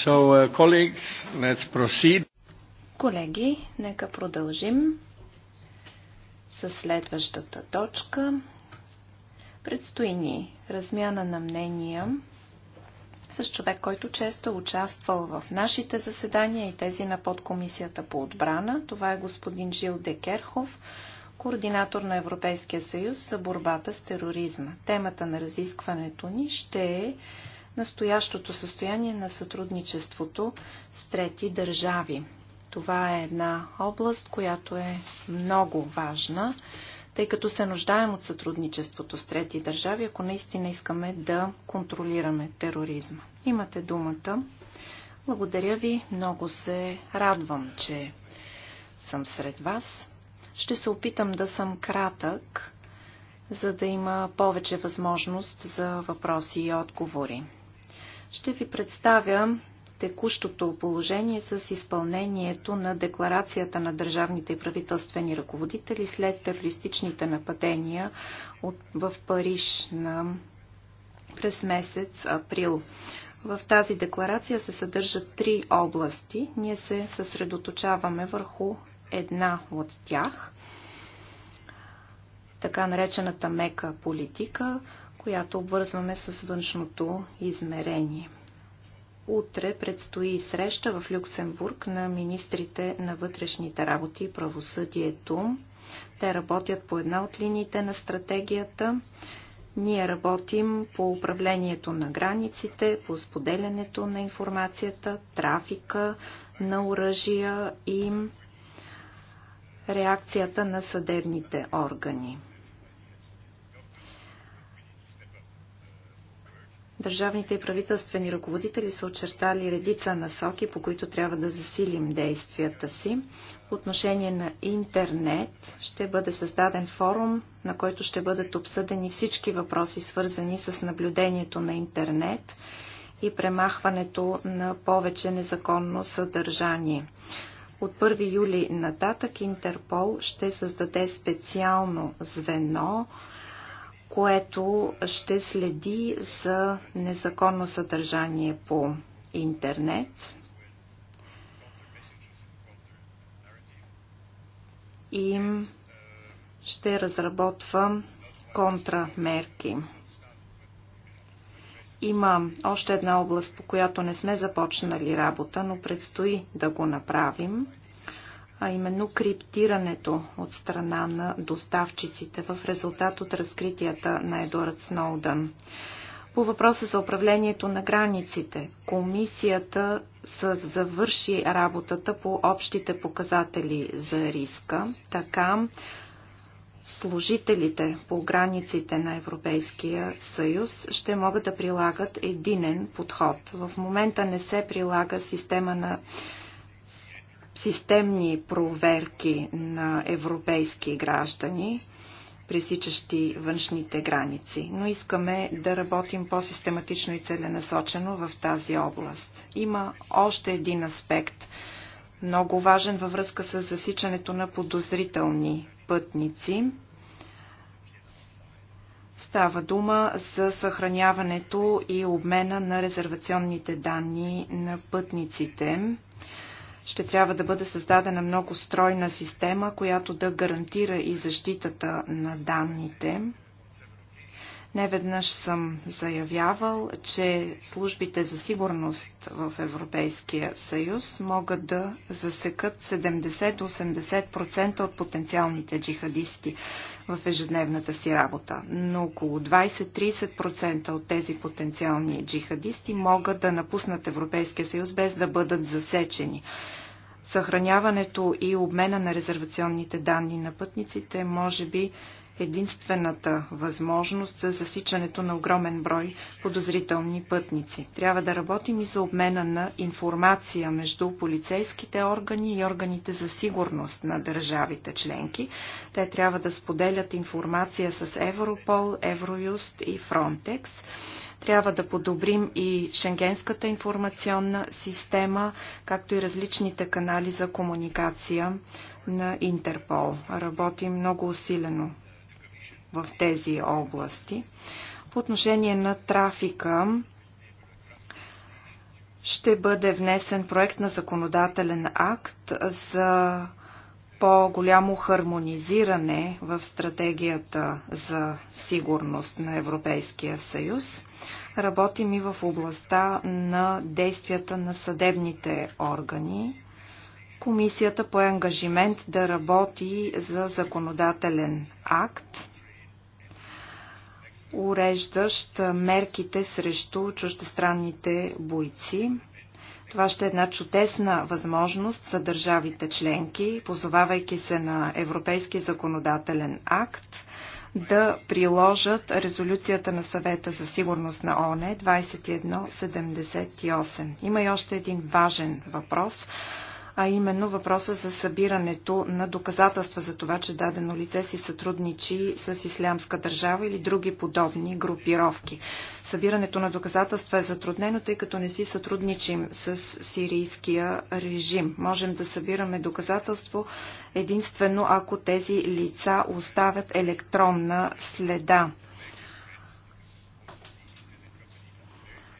So, uh, Колеги, нека продължим с следващата точка. Предстои ни размяна на мнения с човек, който често участвал в нашите заседания и тези на подкомисията по отбрана. Това е господин Жил Декерхов, координатор на Европейския съюз за борбата с тероризма. Темата на разискването ни ще е настоящото състояние на сътрудничеството с трети държави. Това е една област, която е много важна, тъй като се нуждаем от сътрудничеството с трети държави, ако наистина искаме да контролираме тероризма. Имате думата. Благодаря ви, много се радвам, че съм сред вас. Ще се опитам да съм кратък, за да има повече възможност за въпроси и отговори ще ви представя текущото положение с изпълнението на декларацията на държавните и правителствени ръководители след терористичните нападения от, в Париж на, през месец април. В тази декларация се съдържат три области. Ние се съсредоточаваме върху една от тях, така наречената мека политика, която обвързваме с външното измерение. Утре предстои среща в Люксембург на министрите на вътрешните работи и правосъдието. Те работят по една от линиите на стратегията. Ние работим по управлението на границите, по споделянето на информацията, трафика на оръжия и реакцията на съдебните органи. Държавните и правителствени ръководители са очертали редица насоки, по които трябва да засилим действията си. По отношение на интернет ще бъде създаден форум, на който ще бъдат обсъдени всички въпроси, свързани с наблюдението на интернет и премахването на повече незаконно съдържание. От 1 юли нататък Интерпол ще създаде специално звено, което ще следи за незаконно съдържание по интернет и ще разработва контрамерки. Има още една област, по която не сме започнали работа, но предстои да го направим – а именно криптирането от страна на доставчиците в резултат от разкритията на Едуард Сноудън. По въпроса за управлението на границите, комисията завърши работата по общите показатели за риска. Така служителите по границите на Европейския съюз ще могат да прилагат единен подход. В момента не се прилага система на системни проверки на европейски граждани, пресичащи външните граници, но искаме да работим по-систематично и целенасочено в тази област. Има още един аспект, много важен във връзка с засичането на подозрителни пътници. Става дума за съхраняването и обмена на резервационните данни на пътниците ще трябва да бъде създадена много стройна система, която да гарантира и защитата на данните. Неведнъж съм заявявал, че службите за сигурност в Европейския съюз могат да засекат 70-80% от потенциалните джихадисти в ежедневната си работа. Но около 20-30% от тези потенциални джихадисти могат да напуснат Европейския съюз без да бъдат засечени. Съхраняването и обмена на резервационните данни на пътниците може би единствената възможност за засичането на огромен брой подозрителни пътници. Трябва да работим и за обмена на информация между полицейските органи и органите за сигурност на държавите членки. Те трябва да споделят информация с Европол, Евроюст и Фронтекс трябва да подобрим и шенгенската информационна система, както и различните канали за комуникация на Интерпол. Работим много усилено в тези области. По отношение на трафика, ще бъде внесен проект на законодателен акт за по-голямо хармонизиране в стратегията за сигурност на Европейския съюз. Работим и в областта на действията на съдебните органи. Комисията по ангажимент да работи за законодателен акт уреждащ мерките срещу чуждестранните бойци. Това ще е една чудесна възможност за държавите членки, позовавайки се на Европейски законодателен акт, да приложат резолюцията на съвета за сигурност на ОНЕ 2178. Има и още един важен въпрос, а именно въпроса за събирането на доказателства за това, че дадено лице си сътрудничи с Ислямска държава или други подобни групировки. Събирането на доказателства е затруднено, тъй като не си сътрудничим с сирийския режим. Можем да събираме доказателство единствено ако тези лица оставят електронна следа.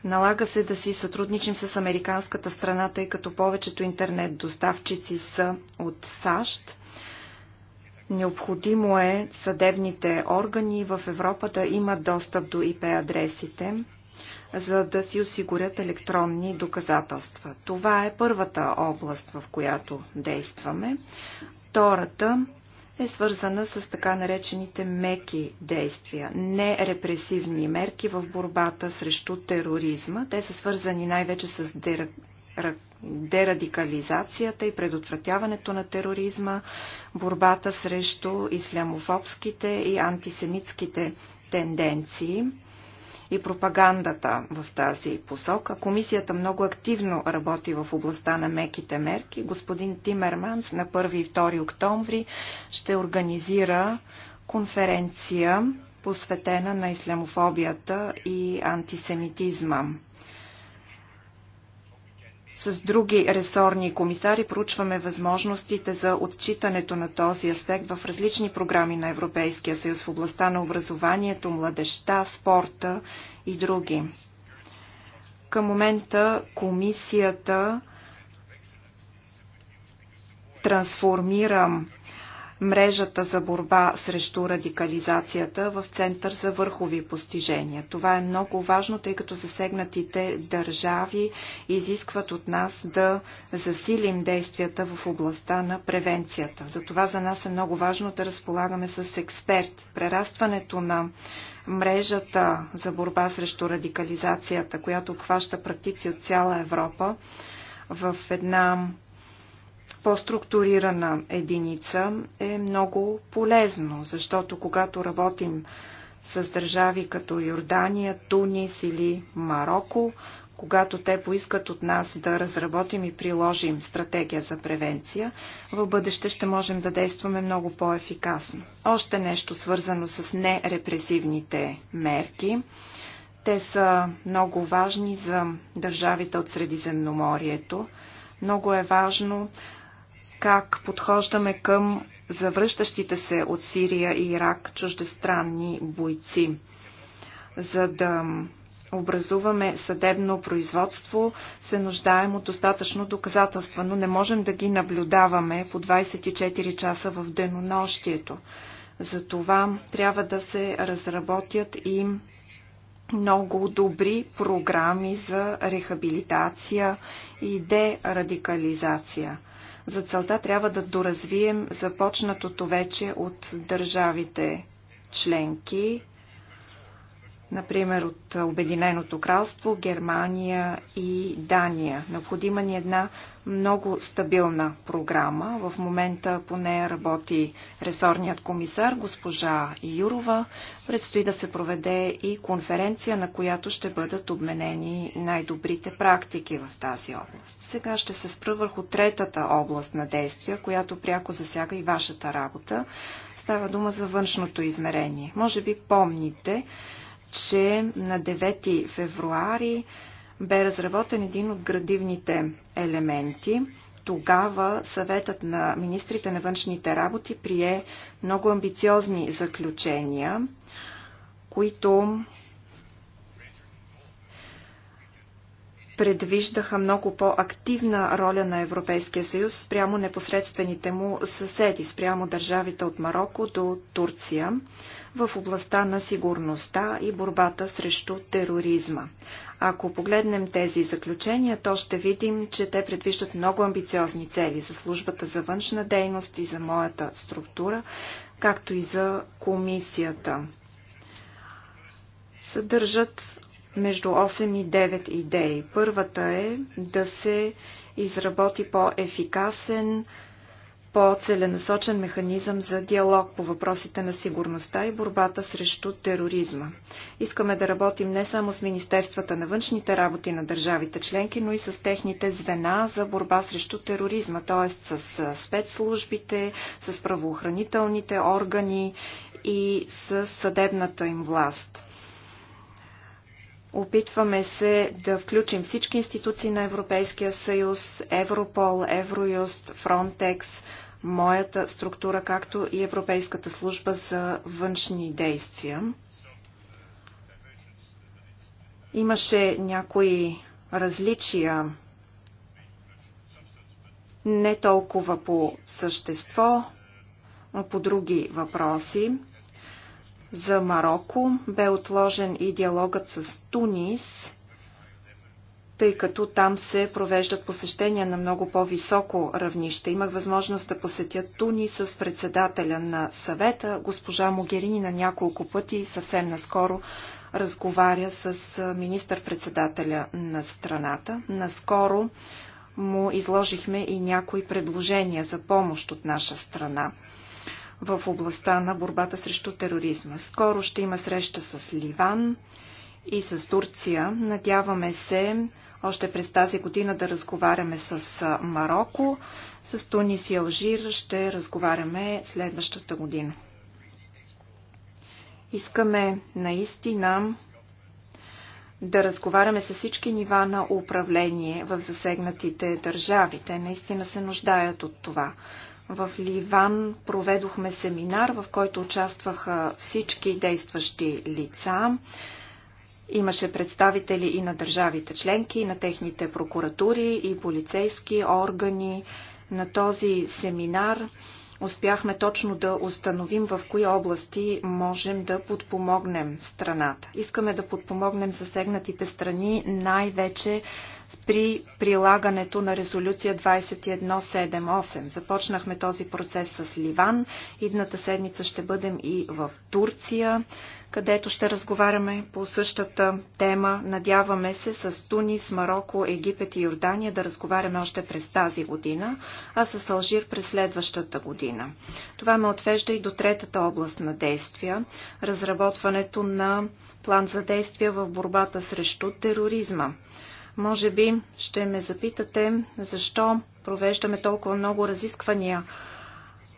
Налага се да си сътрудничим с американската страна, тъй като повечето интернет доставчици са от САЩ. Необходимо е съдебните органи в Европа да имат достъп до IP адресите, за да си осигурят електронни доказателства. Това е първата област, в която действаме. Втората е свързана с така наречените меки действия, нерепресивни мерки в борбата срещу тероризма. Те са свързани най-вече с дерадикализацията и предотвратяването на тероризма, борбата срещу ислямофобските и антисемитските тенденции и пропагандата в тази посока. Комисията много активно работи в областта на меките мерки. Господин Тимерманс на 1 и 2 октомври ще организира конференция посветена на ислямофобията и антисемитизма. С други ресорни комисари проучваме възможностите за отчитането на този аспект в различни програми на Европейския съюз в областта на образованието, младеща, спорта и други. Към момента комисията трансформира мрежата за борба срещу радикализацията в Център за върхови постижения. Това е много важно, тъй като засегнатите държави изискват от нас да засилим действията в областта на превенцията. Затова за нас е много важно да разполагаме с експерти. Прерастването на мрежата за борба срещу радикализацията, която обхваща практици от цяла Европа, в една по-структурирана единица е много полезно, защото когато работим с държави като Йордания, Тунис или Марокко, когато те поискат от нас да разработим и приложим стратегия за превенция, в бъдеще ще можем да действаме много по-ефикасно. Още нещо свързано с нерепресивните мерки. Те са много важни за държавите от Средиземноморието. Много е важно как подхождаме към завръщащите се от Сирия и Ирак чуждестранни бойци. За да образуваме съдебно производство, се нуждаем от достатъчно доказателства, но не можем да ги наблюдаваме по 24 часа в денонощието. Затова трябва да се разработят и много добри програми за рехабилитация и дерадикализация. За целта трябва да доразвием започнатото вече от държавите членки например от Обединеното кралство, Германия и Дания. Необходима ни една много стабилна програма. В момента по нея работи ресорният комисар госпожа Юрова. Предстои да се проведе и конференция, на която ще бъдат обменени най-добрите практики в тази област. Сега ще се спра върху третата област на действия, която пряко засяга и вашата работа. Става дума за външното измерение. Може би помните, че на 9 февруари бе разработен един от градивните елементи. Тогава съветът на министрите на външните работи прие много амбициозни заключения, които предвиждаха много по-активна роля на Европейския съюз спрямо непосредствените му съседи, спрямо държавите от Марокко до Турция в областта на сигурността и борбата срещу тероризма. Ако погледнем тези заключения, то ще видим, че те предвиждат много амбициозни цели за службата за външна дейност и за моята структура, както и за комисията. Съдържат между 8 и 9 идеи. Първата е да се изработи по-ефикасен, по-целенасочен механизъм за диалог по въпросите на сигурността и борбата срещу тероризма. Искаме да работим не само с Министерствата на външните работи на държавите членки, но и с техните звена за борба срещу тероризма, т.е. с спецслужбите, с правоохранителните органи и с съдебната им власт. Опитваме се да включим всички институции на Европейския съюз, Европол, Евроюст, Фронтекс, моята структура, както и Европейската служба за външни действия. Имаше някои различия не толкова по същество, но по други въпроси. За Марокко бе отложен и диалогът с Тунис – тъй като там се провеждат посещения на много по-високо равнище. Имах възможност да посетя Туни с председателя на съвета, госпожа Могерини на няколко пъти и съвсем наскоро разговаря с министър-председателя на страната. Наскоро му изложихме и някои предложения за помощ от наша страна в областта на борбата срещу тероризма. Скоро ще има среща с Ливан и с Турция. Надяваме се още през тази година да разговаряме с Марокко. С Тунис и Алжир ще разговаряме следващата година. Искаме наистина да разговаряме с всички нива на управление в засегнатите държави. Те наистина се нуждаят от това. В Ливан проведохме семинар, в който участваха всички действащи лица. Имаше представители и на държавите членки, и на техните прокуратури, и полицейски органи. На този семинар успяхме точно да установим в кои области можем да подпомогнем страната. Искаме да подпомогнем засегнатите страни най-вече при прилагането на резолюция 2178. Започнахме този процес с Ливан. Идната седмица ще бъдем и в Турция, където ще разговаряме по същата тема. Надяваме се с Тунис, Марокко, Египет и Йордания да разговаряме още през тази година, а с Алжир през следващата година. Това ме отвежда и до третата област на действия – разработването на план за действия в борбата срещу тероризма. Може би ще ме запитате защо провеждаме толкова много разисквания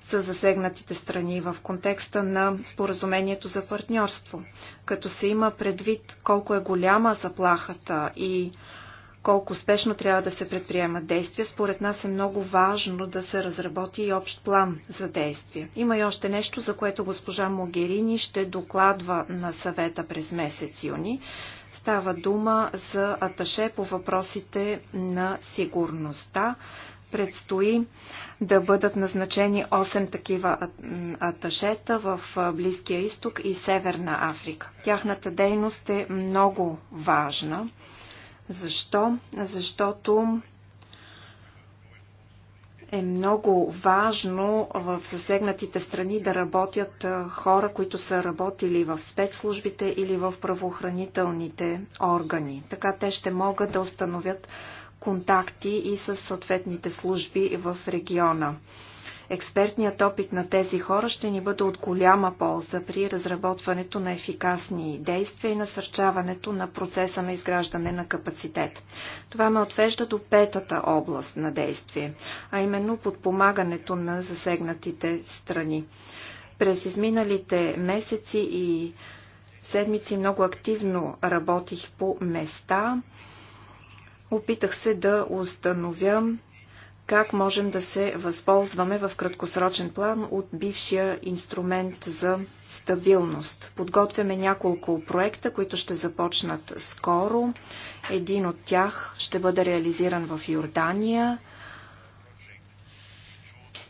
с засегнатите страни в контекста на споразумението за партньорство. Като се има предвид колко е голяма заплахата и колко спешно трябва да се предприемат действия, според нас е много важно да се разработи и общ план за действие. Има и още нещо, за което госпожа Могерини ще докладва на съвета през месец юни. Става дума за аташе по въпросите на сигурността. Предстои да бъдат назначени 8 такива аташета в Близкия изток и Северна Африка. Тяхната дейност е много важна. Защо? Защото е много важно в засегнатите страни да работят хора, които са работили в спецслужбите или в правоохранителните органи. Така те ще могат да установят контакти и с съответните служби в региона. Експертният опит на тези хора ще ни бъде от голяма полза при разработването на ефикасни действия и насърчаването на процеса на изграждане на капацитет. Това ме отвежда до петата област на действие, а именно подпомагането на засегнатите страни. През изминалите месеци и седмици много активно работих по места. Опитах се да установя как можем да се възползваме в краткосрочен план от бившия инструмент за стабилност. Подготвяме няколко проекта, които ще започнат скоро. Един от тях ще бъде реализиран в Йордания.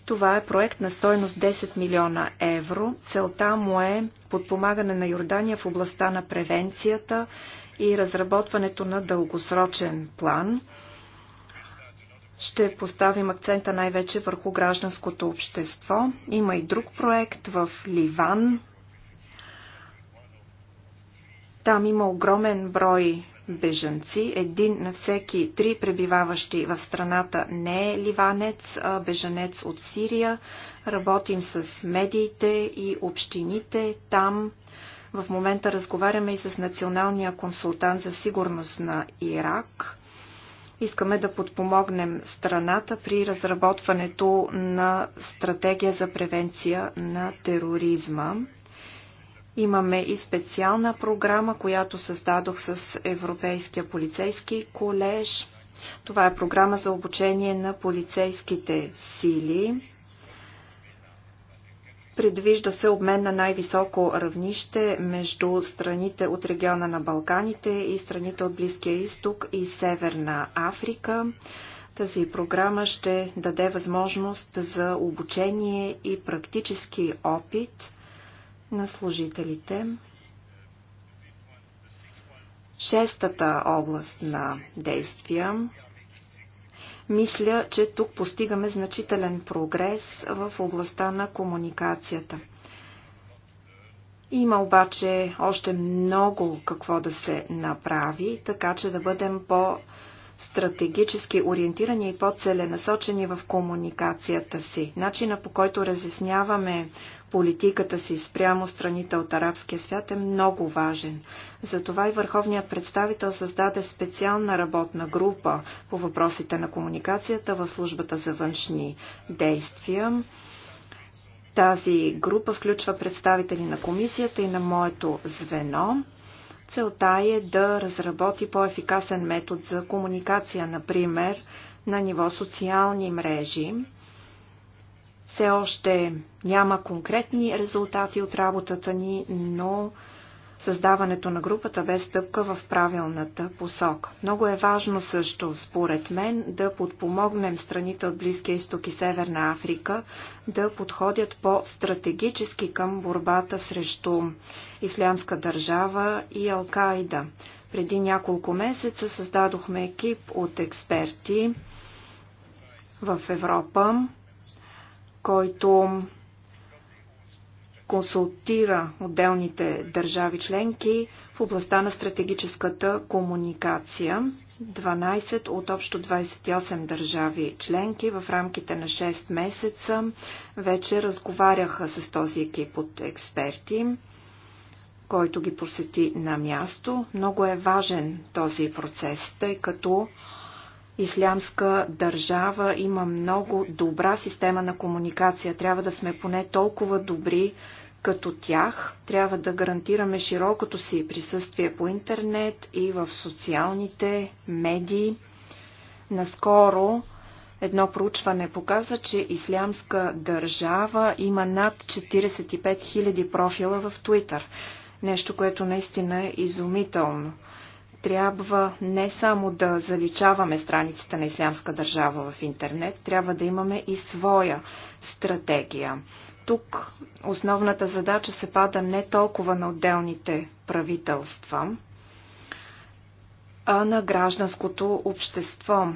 Това е проект на стойност 10 милиона евро. Целта му е подпомагане на Йордания в областта на превенцията и разработването на дългосрочен план – ще поставим акцента най-вече върху гражданското общество. Има и друг проект в Ливан. Там има огромен брой бежанци. Един на всеки три пребиваващи в страната не е ливанец, а бежанец от Сирия. Работим с медиите и общините там. В момента разговаряме и с националния консултант за сигурност на Ирак Искаме да подпомогнем страната при разработването на стратегия за превенция на тероризма. Имаме и специална програма, която създадох с Европейския полицейски колеж. Това е програма за обучение на полицейските сили. Предвижда се обмен на най-високо равнище между страните от региона на Балканите и страните от Близкия изток и Северна Африка. Тази програма ще даде възможност за обучение и практически опит на служителите. Шестата област на действия мисля, че тук постигаме значителен прогрес в областта на комуникацията. Има обаче още много какво да се направи, така че да бъдем по- стратегически ориентирани и по-целенасочени в комуникацията си. Начина по който разясняваме политиката си спрямо страните от арабския свят е много важен. Затова и върховният представител създаде специална работна група по въпросите на комуникацията в службата за външни действия. Тази група включва представители на комисията и на моето звено. Целта е да разработи по-ефикасен метод за комуникация, например, на ниво социални мрежи, все още няма конкретни резултати от работата ни, но създаването на групата бе стъпка в правилната посока. Много е важно също, според мен, да подпомогнем страните от Близкия изток и Северна Африка да подходят по-стратегически към борбата срещу Ислямска държава и Алкаида. Преди няколко месеца създадохме екип от експерти в Европа, който консултира отделните държави членки в областта на стратегическата комуникация. 12 от общо 28 държави членки в рамките на 6 месеца вече разговаряха с този екип от експерти, който ги посети на място. Много е важен този процес, тъй като ислямска държава има много добра система на комуникация. Трябва да сме поне толкова добри като тях. Трябва да гарантираме широкото си присъствие по интернет и в социалните медии. Наскоро едно проучване показа, че Ислямска държава има над 45 000 профила в Твитър. Нещо, което наистина е изумително трябва не само да заличаваме страницата на Ислямска държава в интернет, трябва да имаме и своя стратегия. Тук основната задача се пада не толкова на отделните правителства, а на гражданското общество.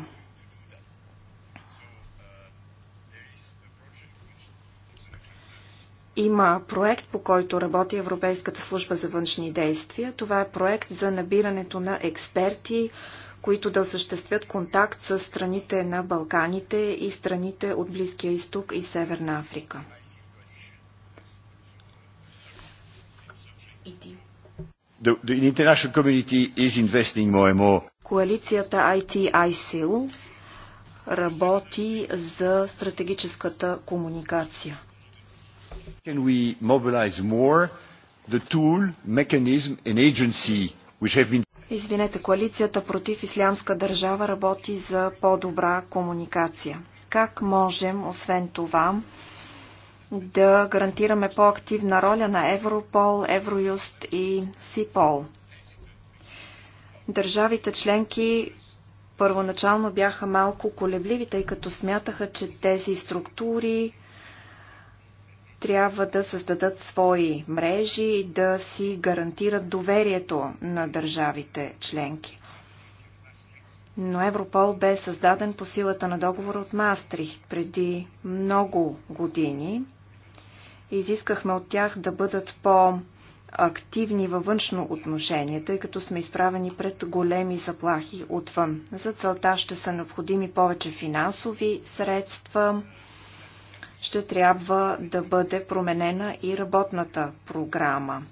Има проект, по който работи Европейската служба за външни действия. Това е проект за набирането на експерти, които да осъществят контакт с страните на Балканите и страните от Близкия изток и Северна Африка. The, the is more more. Коалицията ITICIL работи за стратегическата комуникация. Can we mobilize more the tool, mechanism and agency which have been Извинете, коалицията против Ислямска държава работи за по-добра комуникация. Как можем, освен това, да гарантираме по-активна роля на Европол, Евроюст и СИПОЛ? Държавите членки първоначално бяха малко колебливи, тъй като смятаха, че тези структури трябва да създадат свои мрежи и да си гарантират доверието на държавите членки. Но Европол бе създаден по силата на договор от Мастрих преди много години. Изискахме от тях да бъдат по- активни във външно отношение, тъй като сме изправени пред големи заплахи отвън. За целта ще са необходими повече финансови средства, ще трябва да бъде променена и работната програма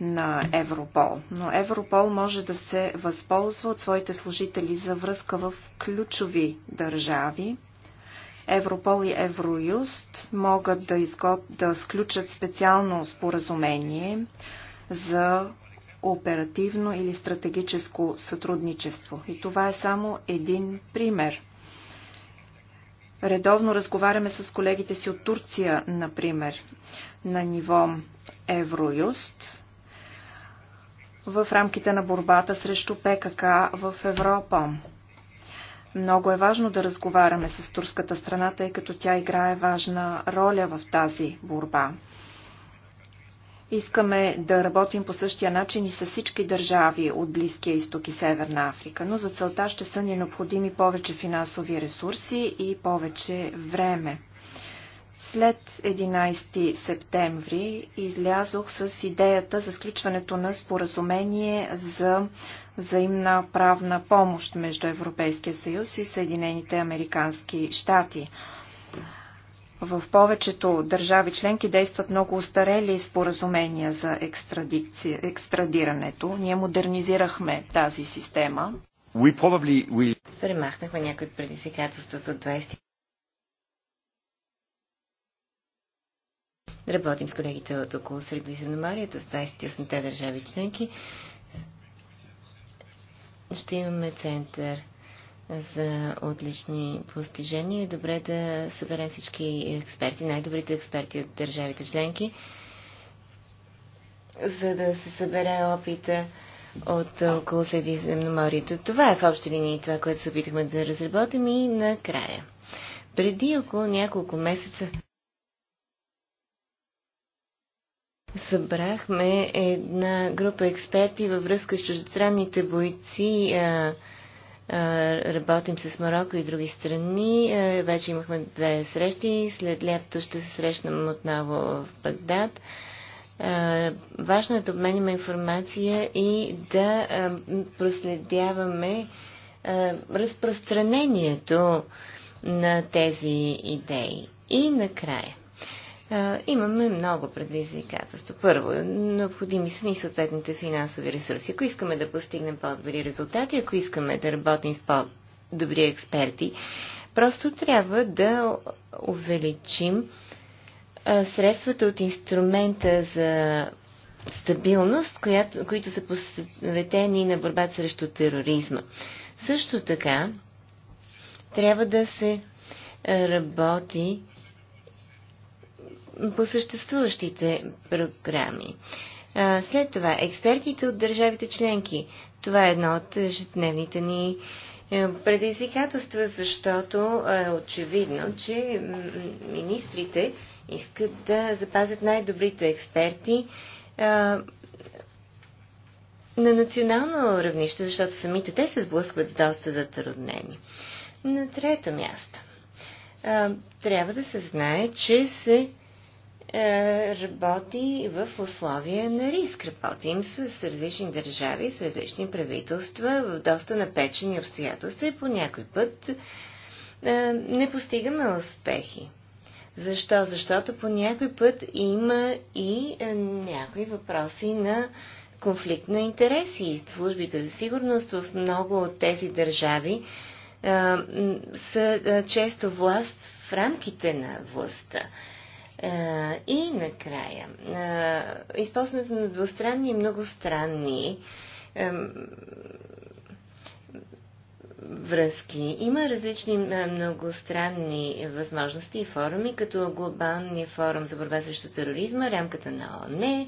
на Европол. Но Европол може да се възползва от своите служители за връзка в ключови държави. Европол и Евроюст могат да, изгод... да сключат специално споразумение за оперативно или стратегическо сътрудничество. И това е само един пример. Редовно разговаряме с колегите си от Турция, например, на ниво Евроюст в рамките на борбата срещу ПКК в Европа. Много е важно да разговаряме с турската страна, тъй като тя играе важна роля в тази борба. Искаме да работим по същия начин и с всички държави от Близкия изток и Северна Африка, но за целта ще са ни необходими повече финансови ресурси и повече време. След 11 септември излязох с идеята за сключването на споразумение за взаимна правна помощ между Европейския съюз и Съединените американски щати – в повечето държави членки действат много устарели споразумения за екстрадирането. Ние модернизирахме тази система. We probably, we... Премахнахме някои от предизвикателството от 20. Работим с колегите от около Средиземноморието, с 28-те държави членки. Ще имаме център за отлични постижения. Добре да съберем всички експерти, най-добрите експерти от държавите членки, за да се събере опита от около Средиземноморието. Това е в общи линии това, което се опитахме да разработим и накрая. Преди около няколко месеца събрахме една група експерти във връзка с чуждестранните бойци, а, Работим с Марокко и други страни. Вече имахме две срещи. След лято ще се срещнем отново в Багдад. Важно е да обменим информация и да проследяваме разпространението на тези идеи. И накрая. Е, имаме много предизвикателства. Първо, необходими са ни съответните финансови ресурси. Ако искаме да постигнем по-добри резултати, ако искаме да работим с по-добри експерти, просто трябва да увеличим е, средствата от инструмента за стабилност, която, които са посветени на борбата срещу тероризма. Също така, трябва да се работи по съществуващите програми. След това, експертите от държавите членки. Това е едно от ежедневните ни е, предизвикателства, защото е очевидно, че министрите искат да запазят най-добрите експерти е, на национално равнище, защото самите те се сблъскват с доста затруднени. На трето място. Е, трябва да се знае, че се е, работи в условия на риск. Работим с различни държави, с различни правителства, в доста напечени обстоятелства и по някой път е, не постигаме успехи. Защо? Защото по някой път има и е, някои въпроси на конфликт на интереси. Службите за сигурност в много от тези държави са често власт в рамките на властта. Е, и накрая, е, използването на двустранни и многостранни е, връзки. Има различни многостранни възможности и форуми, като глобалния форум за борба срещу тероризма, рамката на ОНЕ,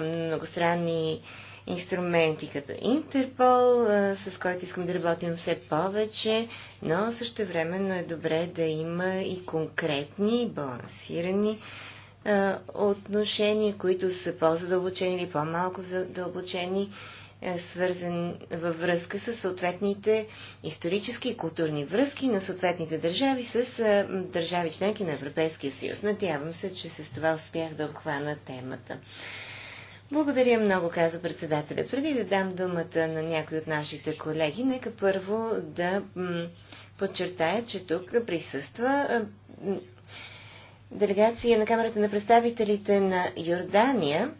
многостранни инструменти като Интерпол, с който искам да работим все повече, но също времено е добре да има и конкретни, балансирани отношения, които са по-задълбочени или по-малко задълбочени, свързан във връзка с съответните исторически и културни връзки на съответните държави с държави членки на Европейския съюз. Надявам се, че с това успях да обхвана темата. Благодаря много, каза председателя. Преди да дам думата на някой от нашите колеги, нека първо да подчертая, че тук присъства делегация на Камерата на представителите на Йордания,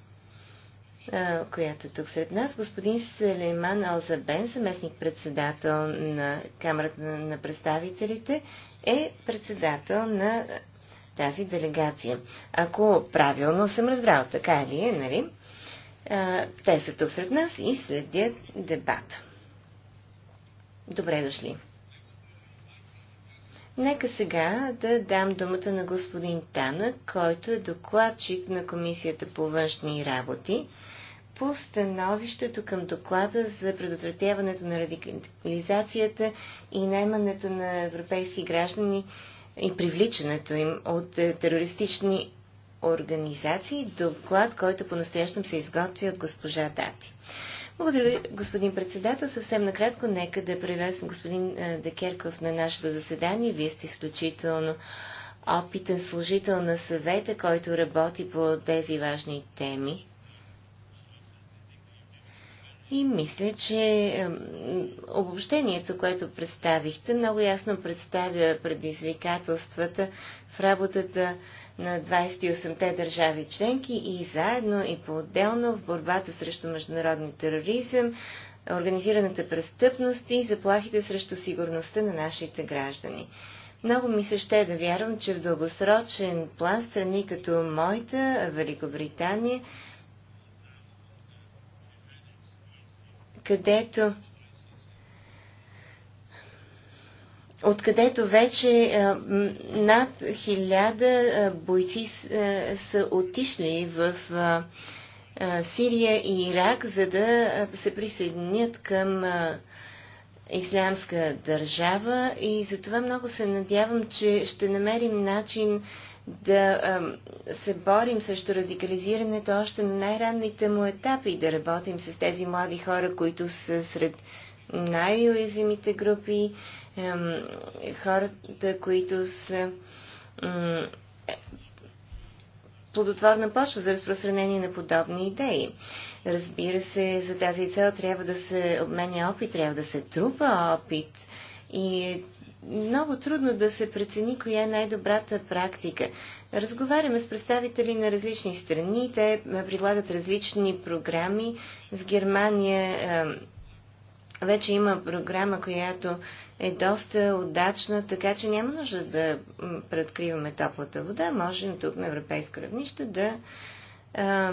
която е тук сред нас, господин Селейман Алзабен, заместник председател на Камерата на представителите, е председател на тази делегация. Ако правилно съм разбрал, така ли е, нали? Те са тук сред нас и следят дебата. Добре дошли. Нека сега да дам думата на господин Тана, който е докладчик на Комисията по външни работи по становището към доклада за предотвратяването на радикализацията и наймането на европейски граждани и привличането им от е, терористични организации, доклад, който по-настоящем се изготви от госпожа Дати. Благодаря, господин председател. Съвсем накратко, нека да приветствам господин е, Декерков на нашето заседание. Вие сте изключително опитен служител на съвета, който работи по тези важни теми. И мисля, че е, обобщението, което представихте, много ясно представя предизвикателствата в работата на 28-те държави членки и заедно и по-отделно в борбата срещу международния тероризъм, организираната престъпност и заплахите срещу сигурността на нашите граждани. Много ми се ще да вярвам, че в дългосрочен план страни като моята, Великобритания, където откъдето вече е, над хиляда е, бойци е, са отишли в Сирия и Ирак, за да се присъединят към ислямска държава и затова много се надявам, че ще намерим начин да се борим срещу радикализирането още на най-ранните му етапи, да работим с тези млади хора, които са сред най-уязвимите групи, хората, които са е, плодотворна почва за разпространение на подобни идеи. Разбира се, за тази цел трябва да се обменя опит, трябва да се трупа опит и е много трудно да се прецени коя е най-добрата практика. Разговаряме с представители на различни страни, те е, предлагат различни програми. В Германия вече има програма, която е доста удачна, така че няма нужда да предкриваме топлата вода. Можем тук на европейско равнище да а,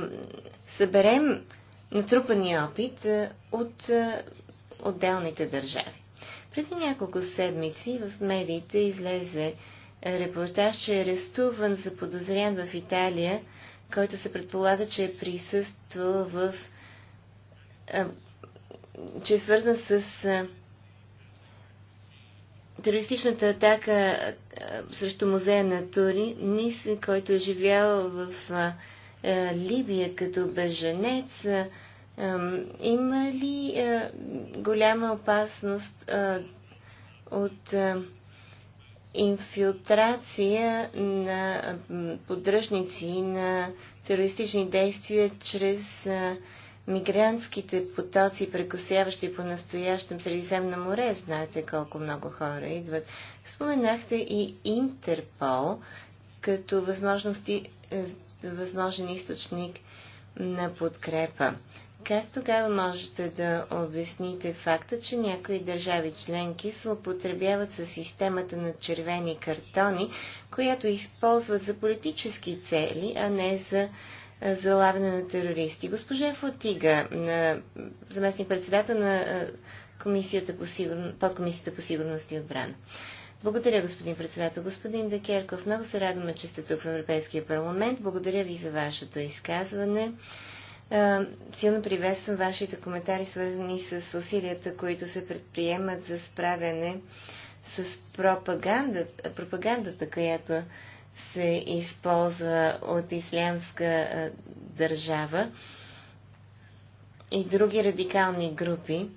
съберем натрупания опит а, от а, отделните държави. Преди няколко седмици в медиите излезе репортаж, че е арестуван за подозрян в Италия, който се предполага, че е присъствал в че е свързан с терористичната атака срещу музея на Тури, Нис, който е живял в Либия като беженец, има ли голяма опасност от инфилтрация на поддръжници на терористични действия чрез мигрантските потоци, прекосяващи по настоящем Средиземно море, знаете колко много хора идват. Споменахте и Интерпол като възможности, е, възможен източник на подкрепа. Как тогава можете да обясните факта, че някои държави членки се употребяват с системата на червени картони, която използват за политически цели, а не за за лавяне на терористи. Госпожа Фотига, заместник председател на комисията по сигурно, подкомисията по сигурност и отбрана. Благодаря, господин председател. Господин Декерков, много се радваме, че сте тук в Европейския парламент. Благодаря ви за вашето изказване. Силно приветствам вашите коментари, свързани с усилията, които се предприемат за справяне с пропагандата, пропагандата която се използва от ислямска държава и други радикални групи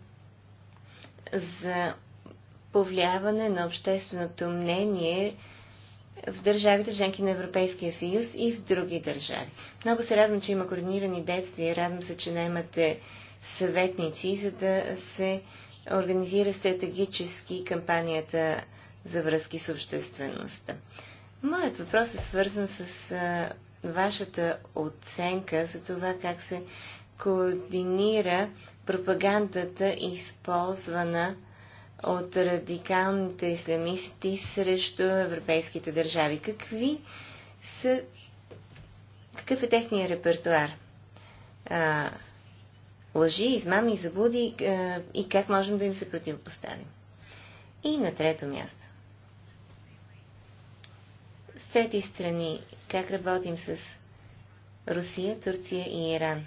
за повлияване на общественото мнение в държавите членки на Европейския съюз и в други държави. Много се радвам, че има координирани действия. Радвам се, че наймате съветници, за да се организира стратегически кампанията за връзки с обществеността. Моят въпрос е свързан с а, вашата оценка за това как се координира пропагандата, използвана от радикалните исламисти срещу европейските държави. Какви са... Какъв е техния репертуар? А, лъжи, измами, заблуди а, и как можем да им се противопоставим? И на трето място трети страни, как работим с Русия, Турция и Иран.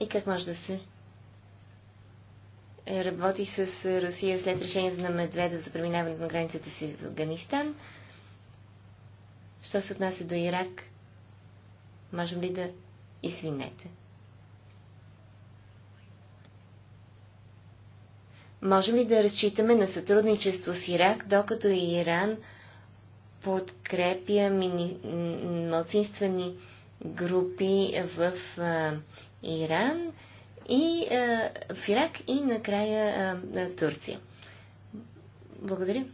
И как може да се е, работи с Русия след решението на Медведев за преминаването на границата си в Афганистан. Що се отнася до Ирак, можем ли да извинете? Можем ли да разчитаме на сътрудничество с Ирак, докато Иран подкрепя мини... младсинствени групи в а, Иран и а, в Ирак и накрая а, на Турция? Благодаря.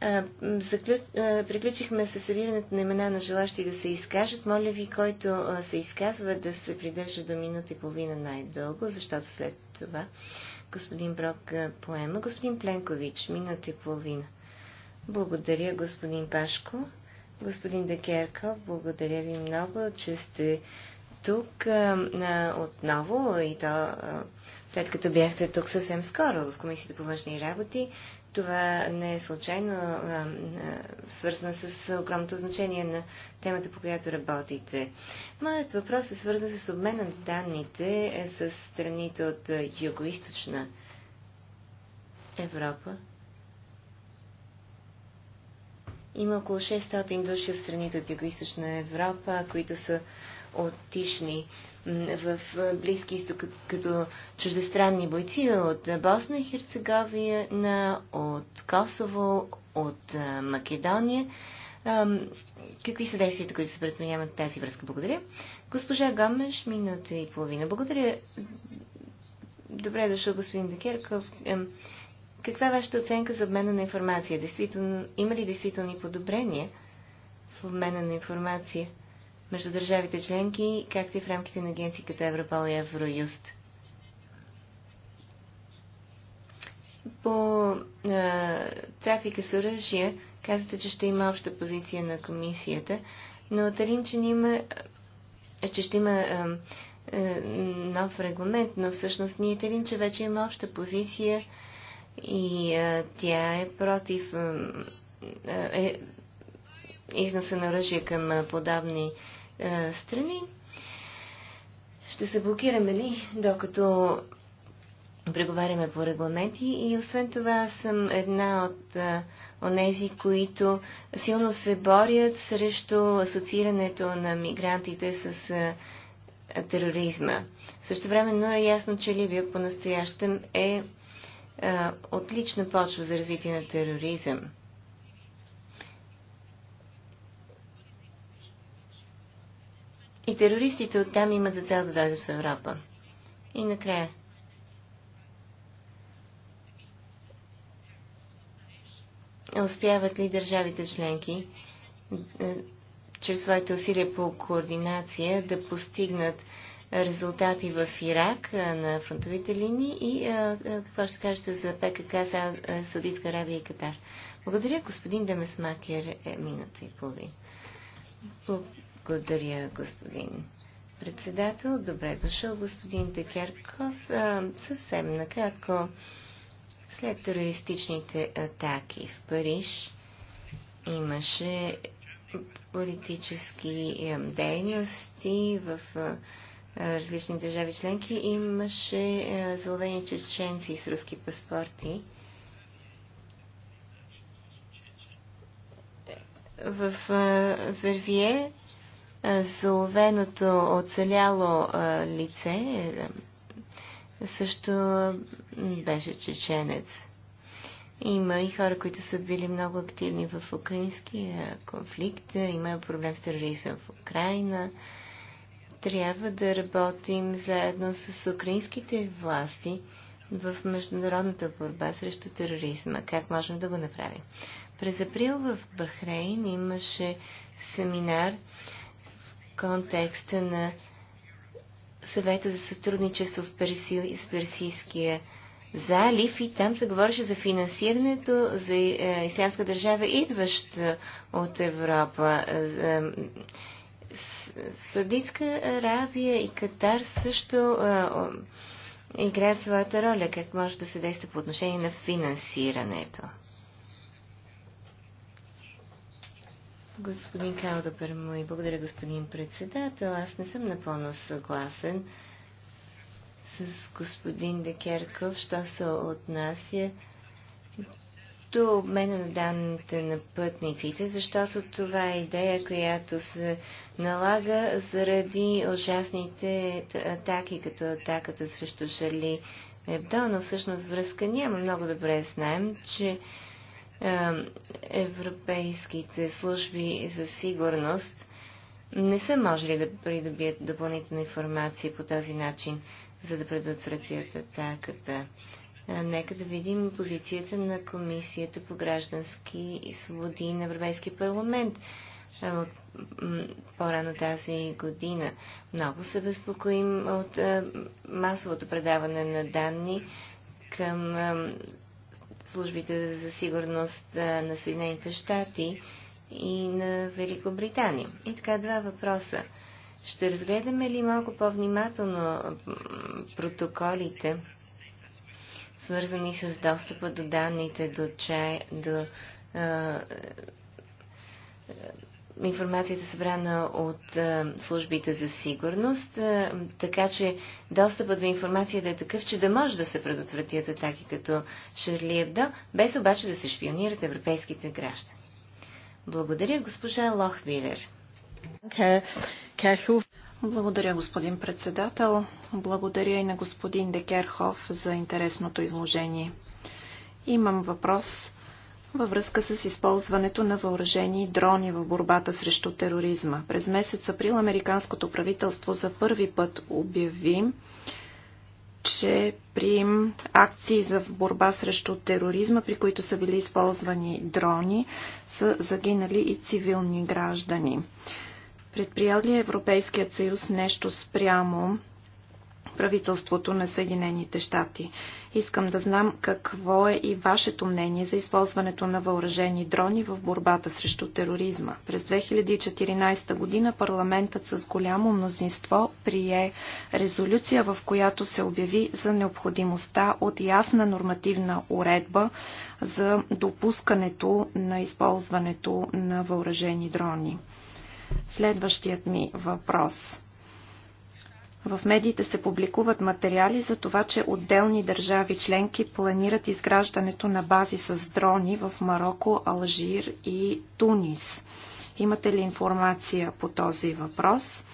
А, заключ... а, приключихме се събирането на имена на желащи да се изкажат. Моля ви, който а, се изказва, да се придържа до минута и половина най-дълго, защото след това господин Брок е, поема. Господин Пленкович, минута и половина. Благодаря, господин Пашко. Господин Декерка, благодаря ви много, че сте тук е, а, отново и то а, е, след като бяхте тук съвсем скоро в Комисията по външни работи. Това не е случайно а, свързано с огромното значение на темата, по която работите. Моят въпрос е свързан с обмена на данните е, с страните от юго-источна Европа. Има около 600 души от страните от юго Европа, които са оттишни в Близки изток като чуждестранни бойци от Босна и Херцеговина, от Косово, от Македония. Какви са действията, които се предприемат тази връзка? Благодаря. Госпожа Гомеш, минута и половина. Благодаря. Добре е дошъл, господин Декерков. Каква е вашата оценка за обмена на информация? Действително, има ли действителни подобрения в обмена на информация? между държавите членки, както и в рамките на агенции като Европол и Евроюст. По а, трафика с оръжия казвате, че ще има обща позиция на комисията, но Талин, че, има, че ще има а, а, нов регламент, но всъщност ние Талин, че вече има обща позиция и а, тя е против а, е, износа на оръжие към подобни е, страни. Ще се блокираме ли, докато преговаряме по регламенти и освен това съм една от е, онези, които силно се борят срещу асоциирането на мигрантите с е, тероризма. Също времено е ясно, че Либия по-настоящем е отлична почва за развитие на тероризъм. И терористите оттам имат за цел да дойдат в Европа. И накрая. Успяват ли държавите членки е, чрез своите усилия по координация да постигнат резултати в Ирак е, на фронтовите линии и е, какво ще кажете за ПКК, Саудитска Арабия и Катар. Благодаря, господин Демесмакер, е минута и половина. Благодаря, господин председател. Добре дошъл, господин Декерков. Съвсем накратко, след терористичните атаки в Париж имаше политически дейности в различни държави членки. Имаше зловени чеченци с руски паспорти. В Вервие заловеното оцеляло лице също беше чеченец. Има и хора, които са били много активни в украинския конфликт. Има проблем с тероризъм в Украина. Трябва да работим заедно с украинските власти в международната борба срещу тероризма. Как можем да го направим? През април в Бахрейн имаше семинар контекста на съвета за сътрудничество в Перси, с Персийския залив и там се говореше за финансирането за е, Ислямска държава, идваща от Европа. Е, е, Съдитска Аравия и Катар също играят своята роля. Как може да се действа по отношение на финансирането? Господин Калдопер му и благодаря, господин председател. Аз не съм напълно съгласен с господин Декерков, що се отнася до обмена на данните на пътниците, защото това е идея, която се налага заради ужасните атаки, като атаката срещу Шарли Ебдо, но всъщност връзка няма. Много добре знаем, че европейските служби за сигурност не са можели да придобият допълнителна информация по този начин, за да предотвратят атаката. Нека да видим позицията на Комисията по граждански свободи на Европейския парламент по-рано тази година. Много се безпокоим от масовото предаване на данни към службите за сигурност на Съединените щати и на Великобритания. И така два въпроса. Ще разгледаме ли малко по-внимателно протоколите, свързани с достъпа до данните, до, чай, до информацията е събрана от а, е, службите за сигурност, а, е, така че достъпът до информацията е такъв, че да може да се предотвратят атаки като Шарли Ебдо, без обаче да се шпионират европейските граждани. Благодаря, госпожа Лохвилер. Благодаря, господин председател. Благодаря и на господин Декерхов за интересното изложение. Имам въпрос във връзка с използването на въоръжени дрони в борбата срещу тероризма. През месец април американското правителство за първи път обяви, че при акции за борба срещу тероризма, при които са били използвани дрони, са загинали и цивилни граждани. Предприял ли Европейският съюз нещо спрямо правителството на Съединените щати. Искам да знам какво е и вашето мнение за използването на въоръжени дрони в борбата срещу тероризма. През 2014 година парламентът с голямо мнозинство прие резолюция, в която се обяви за необходимостта от ясна нормативна уредба за допускането на използването на въоръжени дрони. Следващият ми въпрос – в медиите се публикуват материали за това, че отделни държави членки планират изграждането на бази с дрони в Марокко, Алжир и Тунис. Имате ли информация по този въпрос?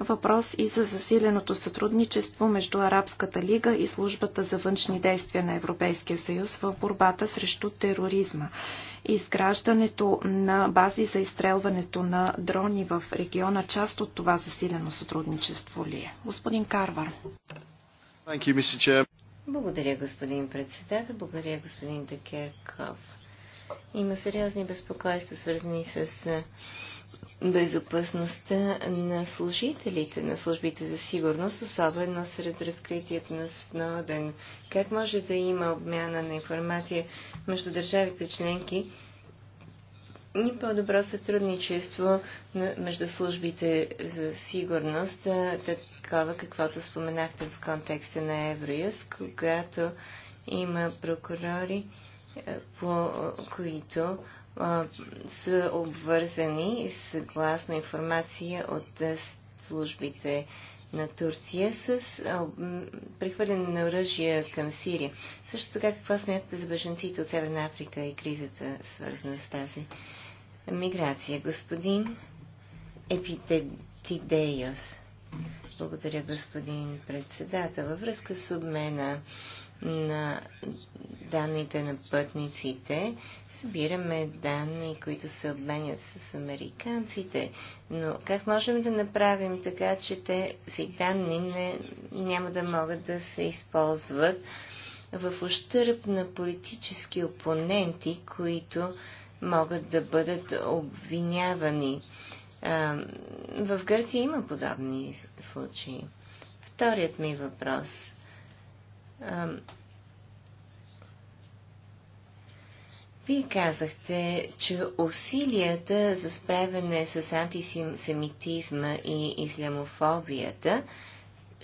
Въпрос и за засиленото сътрудничество между Арабската лига и службата за външни действия на Европейския съюз в борбата срещу тероризма. Изграждането на бази за изстрелването на дрони в региона, част от това засилено сътрудничество ли е? Господин Карвар. Благодаря, господин председател. Благодаря, господин Декерков. Има сериозни безпокойства, свързани с безопасността на служителите на службите за сигурност, особено сред разкритието на Сноден. Как може да има обмяна на информация между държавите членки и по-добро сътрудничество между службите за сигурност, такова каквото споменахте в контекста на Евроюз, когато има прокурори, по които са обвързани съгласно информация от службите на Турция с прехвърляне на оръжия към Сирия. Също така, какво смятате за беженците от Северна Африка и кризата, свързана с тази миграция? Господин Епитетидеос. Благодаря, господин председател. Във връзка с обмена на данните на пътниците, събираме данни, които се обменят с американците, но как можем да направим така, че тези данни не, няма да могат да се използват в ущърп на политически опоненти, които могат да бъдат обвинявани. в Гърция има подобни случаи. Вторият ми въпрос вие казахте, че усилията за справяне с антисемитизма и ислямофобията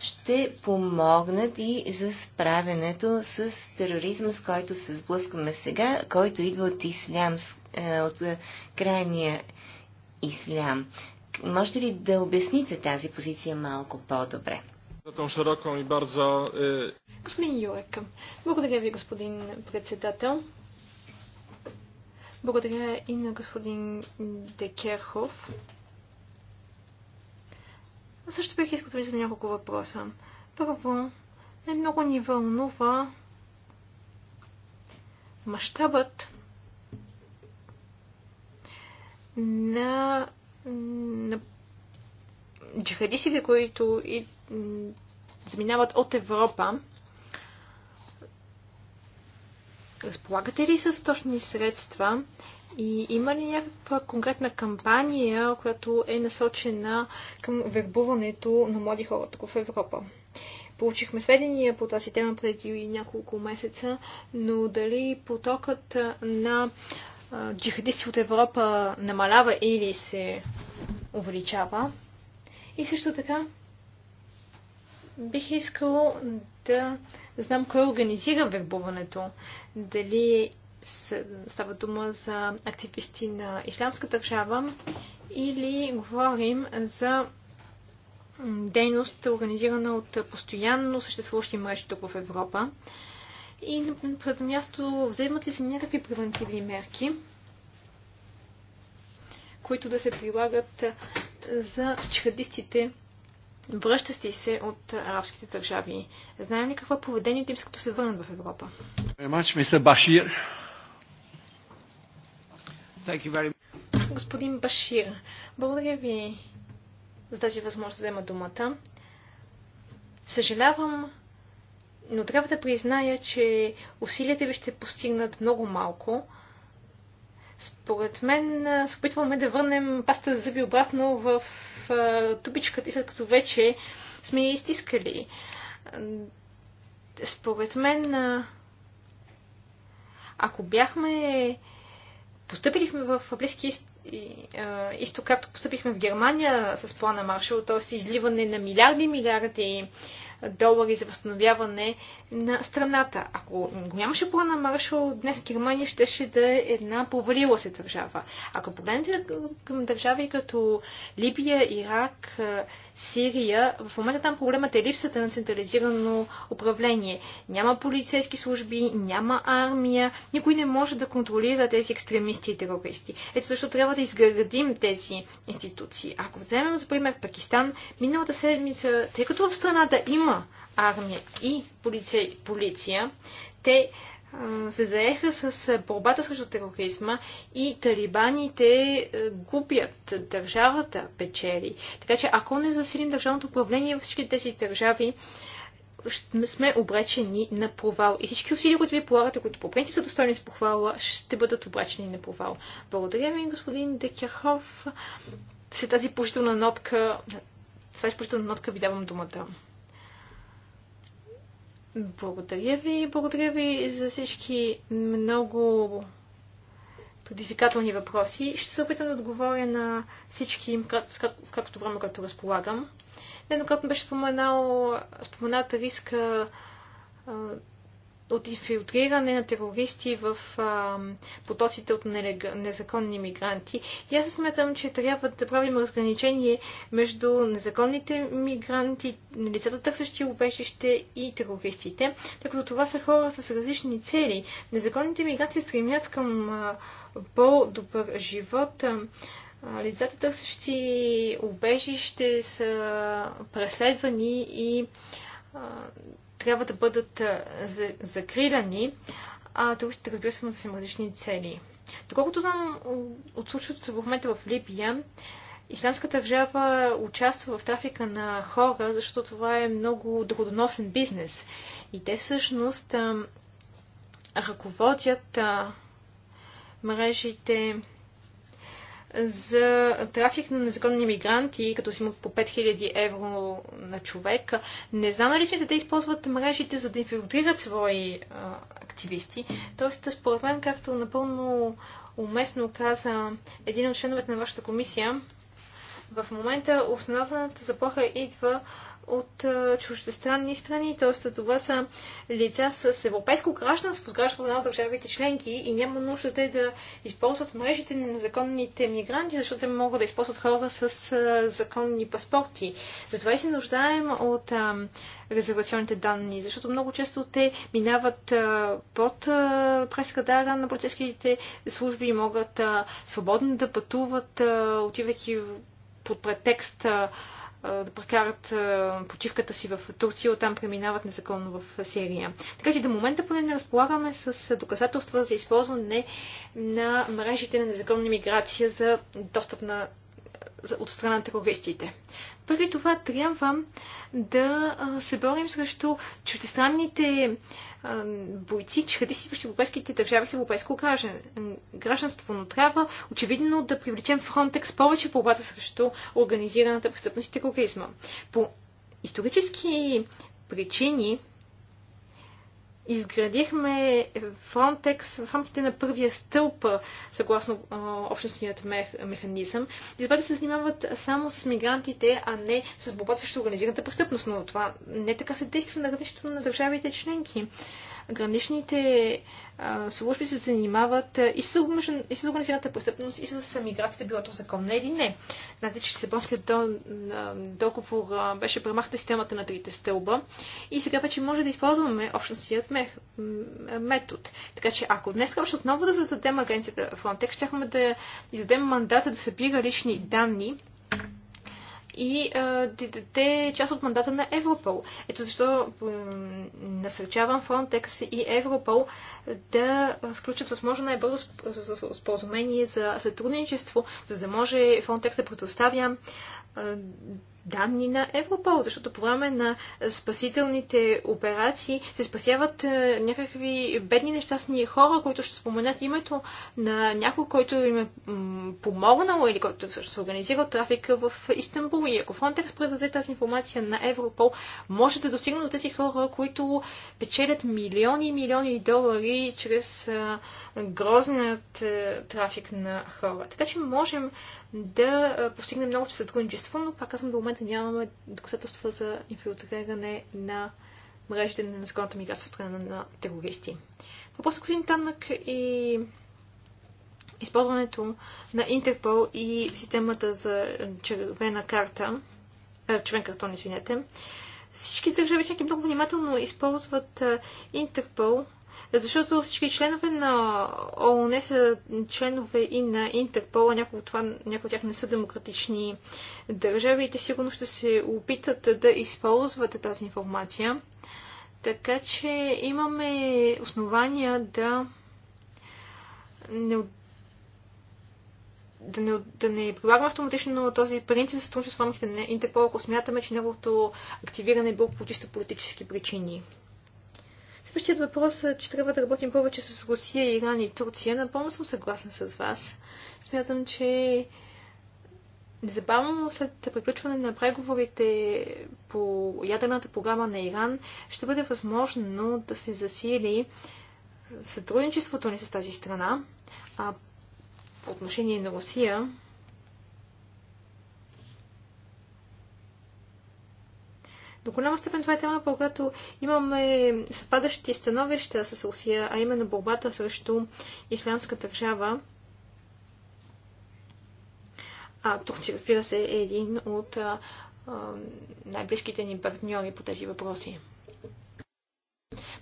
ще помогнат и за справянето с тероризма, с който се сблъскваме сега, който идва от, ислям, е, от е, крайния ислям. Можете ли да обясните тази позиция малко по-добре? Господин Юрек, благодаря ви, господин председател. Благодаря и на господин Декерхов. също бих искал да ви задам няколко въпроса. Първо, най-много ни вълнува мащабът на, на джихадистите, които и заминават от Европа. Разполагате ли с точни средства и има ли някаква конкретна кампания, която е насочена към вербуването на млади хора тук в Европа? Получихме сведения по тази тема преди няколко месеца, но дали потокът на джихадисти от Европа намалява или се увеличава? И също така, Бих искал да знам кой организира вербуването. Дали става дума за активисти на Ислямска държава или говорим за дейност, организирана от постоянно съществуващи мрежи тук в Европа. И на предо място, вземат ли се някакви превентивни мерки, които да се прилагат за чехадистите връщащи се от арабските държави. Знаем ли какво поведение им, като се върнат в Европа? Господин Башир, благодаря ви за тази възможност да взема думата. Съжалявам, но трябва да призная, че усилията ви ще постигнат много малко. Според мен се опитваме да върнем паста за зъби обратно в тубичката и след като вече сме я изтискали. Според мен, ако бяхме поступили в Близки изток, както поступихме в Германия с плана Маршал, т.е. изливане на милиарди и милиарди долари за възстановяване на страната. Ако го нямаше плана Маршал, днес Германия щеше да е една провалила се държава. Ако погледнете към държави като Либия, Ирак, е, Сирия, в момента там проблемът е липсата на централизирано управление. Няма полицейски служби, няма армия, никой не може да контролира тези екстремисти и терористи. Ето защо трябва да изградим тези институции. Ако вземем за пример Пакистан, миналата седмица, тъй като в страната има има армия и полиция, полиция те се заеха с борбата срещу тероризма и талибаните губят държавата печели. Така че ако не засилим държавното управление във всички тези държави, сме обречени на провал. И всички усилия, които ви полагате, които по принцип са достойни с похвала, ще бъдат обречени на провал. Благодаря ви, господин Декяхов. След тази положителна нотка, с тази положителна нотка ви давам думата. Благодаря ви. Благодаря ви за всички много предизвикателни въпроси. Ще се опитам да отговоря на всички им в както време, като разполагам. Еднократно беше споменал, спомената риска от инфилтриране на терористи в а, потоците от незаконни мигранти. И аз смятам, че трябва да правим разграничение между незаконните мигранти, лицата търсещи убежище и терористите, тъй като това са хора с различни цели. Незаконните мигранти стремят към по-добър живот. А, Лицата, търсещи убежище, са преследвани и а, трябва да бъдат закриляни, а туристите, разбира се, имат различни цели. Доколкото знам от случващото се в момента в Либия, Исламската държава участва в трафика на хора, защото това е много доходоносен бизнес. И те всъщност а, ръководят а, мрежите за трафик на незаконни мигранти, като си имат по 5000 евро на човек. Не знам дали смятате да използват мрежите, за да инфилтрират свои а, активисти. Тоест, според мен, както напълно уместно каза един от членовете на вашата комисия, в момента основната заплаха идва от чуждестранни страни, т.е. това са лица с европейско гражданство, гражданство на държавите членки и няма нужда те да използват мрежите на незаконните мигранти, защото те могат да използват хора с законни паспорти. Затова и се нуждаем от резервационните данни, защото много често те минават под прескадара на полицейските служби и могат свободно да пътуват, отивайки под претекст да прекарат почивката си в Турция, оттам преминават незаконно в Сирия. Така че до момента поне не разполагаме с доказателства за използване на мрежите на незаконна миграция за достъп на от страна на терористите. Преди това трябва да се борим срещу чуждестранните бойци, чехадисти в европейските държави с европейско гражданство, но трябва очевидно да привлечем Фронтекс повече в борбата срещу организираната престъпност и тероризма. По исторически причини изградихме Frontex в рамките на първия стълб, съгласно общественият механизъм. И това да се занимават само с мигрантите, а не с борбата срещу организираната престъпност. Но това не така се действа на различно на държавите членки граничните а, служби се занимават и с, умъжен, и с организираната престъпност, и с миграцията, било то законно или не. Знаете, че Сепонският договор беше премахната системата на трите стълба и сега вече може да използваме общностният метод. Така че ако днес трябваше отново да зададем агенцията Frontex, щяхме да издадем мандата да събира лични данни и да даде е част от мандата на Европол. Ето защо насърчавам Frontex и Европол да сключат възможно най-бързо споразумение за сътрудничество, за да може Frontex да предоставя данни на Европол, защото по време на спасителните операции се спасяват е, някакви бедни нещастни хора, които ще споменат името на някой, който им е помогнал или който всъщност е организирал трафика в Истанбул. И ако Frontex предаде тази информация на Европол, може да достигне до тези хора, които печелят милиони и милиони долари чрез е, грозният е, трафик на хора. Така че можем да постигнем много че сътрудничество, но пак казвам, до момента нямаме доказателства за инфилтриране на мрежите на незаконната миграция от страна на терористи. Въпросът господин Танък и използването на Интерпол и системата за червена карта, а, червен картон, извинете, всички държави членки много внимателно използват Интерпол защото всички членове на ООН са членове и на Интерпол, а някои от, това, някои от тях не са демократични държави и те сигурно ще се опитат да използват тази информация. Така че имаме основания да не, да не, да не прилагаме автоматично този принцип за сътрудничество с рамките на Интерпол, ако смятаме, че неговото активиране е било по чисто политически причини. Следващият въпрос е, че трябва да работим повече с Русия, Иран и Турция. Напълно съм съгласен с вас. Смятам, че Незабавно след приключване на преговорите по ядрената програма на Иран ще бъде възможно да се засили сътрудничеството ни с тази страна. А по отношение на Русия, До голяма степен това е тема, по която имаме съпадащи становища с Русия, а именно борбата срещу ислямска държава. А Турция, разбира се, е един от най-близките ни партньори по тези въпроси.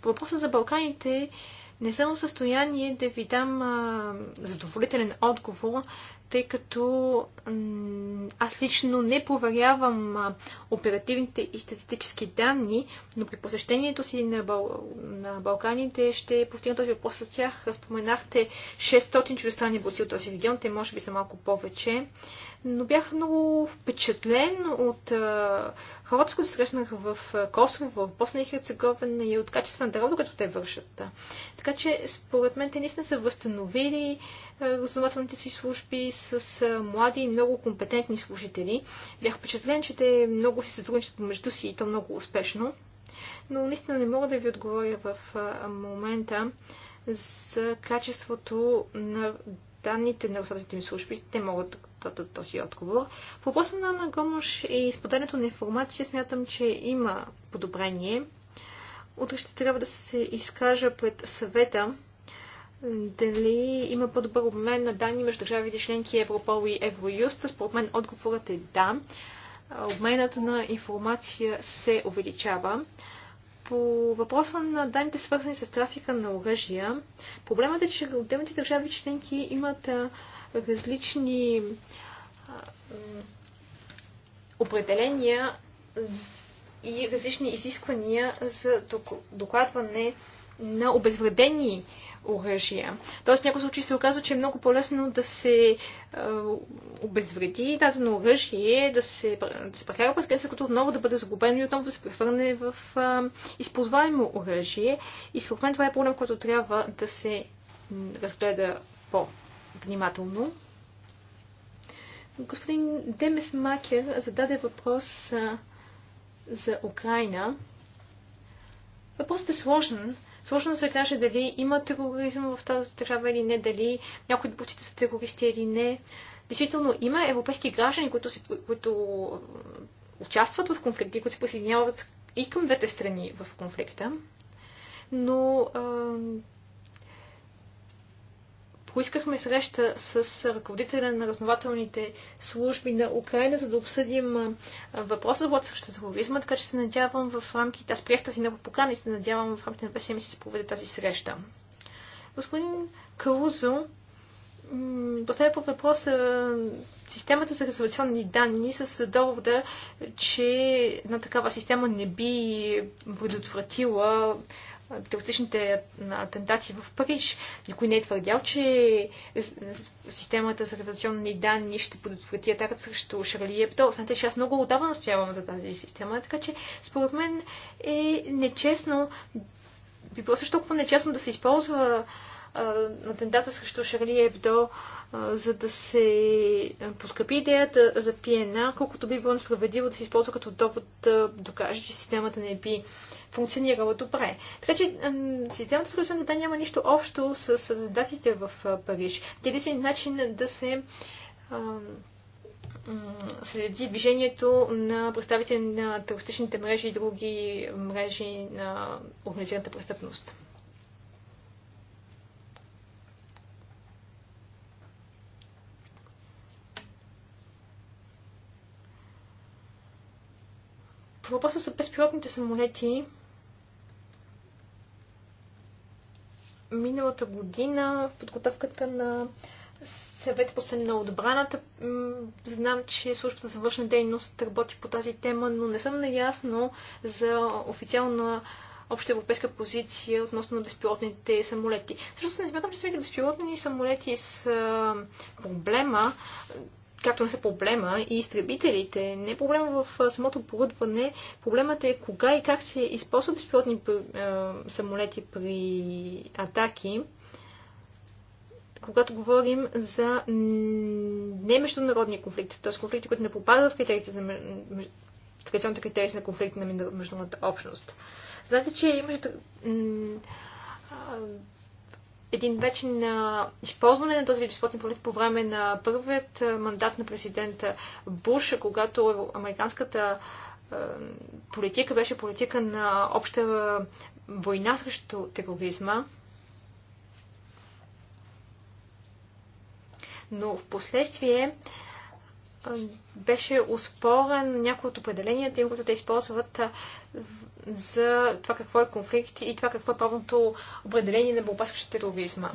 По въпроса за Балканите не съм в състояние да ви дам а, задоволителен отговор, тъй като аз лично не проверявам оперативните и статистически данни, но при посещението си на, Бал... на Балканите ще повтигна този въпрос с тях. Споменахте 600 чуждестранни борци от този регион, те може би са малко повече, но бях много впечатлен от хората, които срещнах в Косово, в Босна и Херцеговина и от качествената работа, като те вършат. Така че, според мен, те наистина са възстановили разузнавателните си служби с млади и много компетентни служители. Бях впечатлен, че те много си сътрудничат помежду си и то много успешно. Но наистина не мога да ви отговоря в момента за качеството на данните на разузнавателните ми служби. Те могат да дадат този отговор. В въпроса на Анна Гомош и споделянето на информация смятам, че има подобрение. Утре ще трябва да се изкажа пред съвета дали има по-добър обмен на данни между държавите членки Европол и Евроюст? Според мен отговорът е да. Обменът на информация се увеличава. По въпроса на данните, свързани с трафика на оръжия, проблемът е, че отделните държави членки имат различни определения и различни изисквания за докладване на обезвредени оръжия. Тоест, в някои случаи се оказва, че е много по-лесно да се е, обезвреди дадено оръжие, да се, да се прекара през граница, като отново да бъде загубено и отново да се превърне в а, е, използваемо оръжие. И според мен това е проблем, който трябва да се разгледа по-внимателно. Господин Демес Макер зададе въпрос а, е, за Украина. Въпросът е сложен, Сложно да се каже дали има тероризъм в тази държава или не, дали някои депутите са терористи или не. Действително, има европейски граждани, които, си, които участват в конфликти, които се присъединяват и към двете страни в конфликта, но поискахме среща с ръководителя на разнователните служби на Украина, за да обсъдим въпроса за борбата срещу тероризма, така че се надявам в рамките, аз приех тази много покана и се надявам в рамките на две да се проведе тази среща. Господин Калузо поставя по въпроса системата за резервационни данни с довода, че една такава система не би предотвратила терористичните атентати в Париж. Никой не е твърдял, че системата за революционни данни ще предотврати атаката срещу Шарли Ебдо. Знаете, че аз много отдавна настоявам за тази система, така че според мен е нечестно, би било също толкова нечестно да се използва атентата срещу Шарли Ебдо, за да се подкрепи идеята за ПНА, колкото би било несправедливо да се използва като довод да докаже, че системата не би функционирала добре. Така че системата с лична данни няма нищо общо с, датите в Париж. Те единствен начин да се следи движението на представители на терористичните мрежи и други мрежи на организираната престъпност. въпросът са безпилотните самолети миналата година в подготовката на съвет по на отбраната. Знам, че службата за външна дейност работи по тази тема, но не съм наясно за официална обща европейска позиция относно на безпилотните самолети. Също не смятам, че самите безпилотни самолети са проблема както не са проблема и изтребителите. Не е проблема в самото оборудване. Проблемът е кога и как се използват безпилотни самолети при атаки когато говорим за не международни конфликти, т.е. конфликти, които не попадат в критериите за традиционните критерии на конфликти на международната общност. Знаете, че имаше един вече на използване на този вид полет по време на първият мандат на президента Буша, когато американската политика беше политика на обща война срещу тероризма. Но в последствие беше успорен някои от определенията им, които те използват за това какво е конфликт и това какво е правното определение на борба тероризма.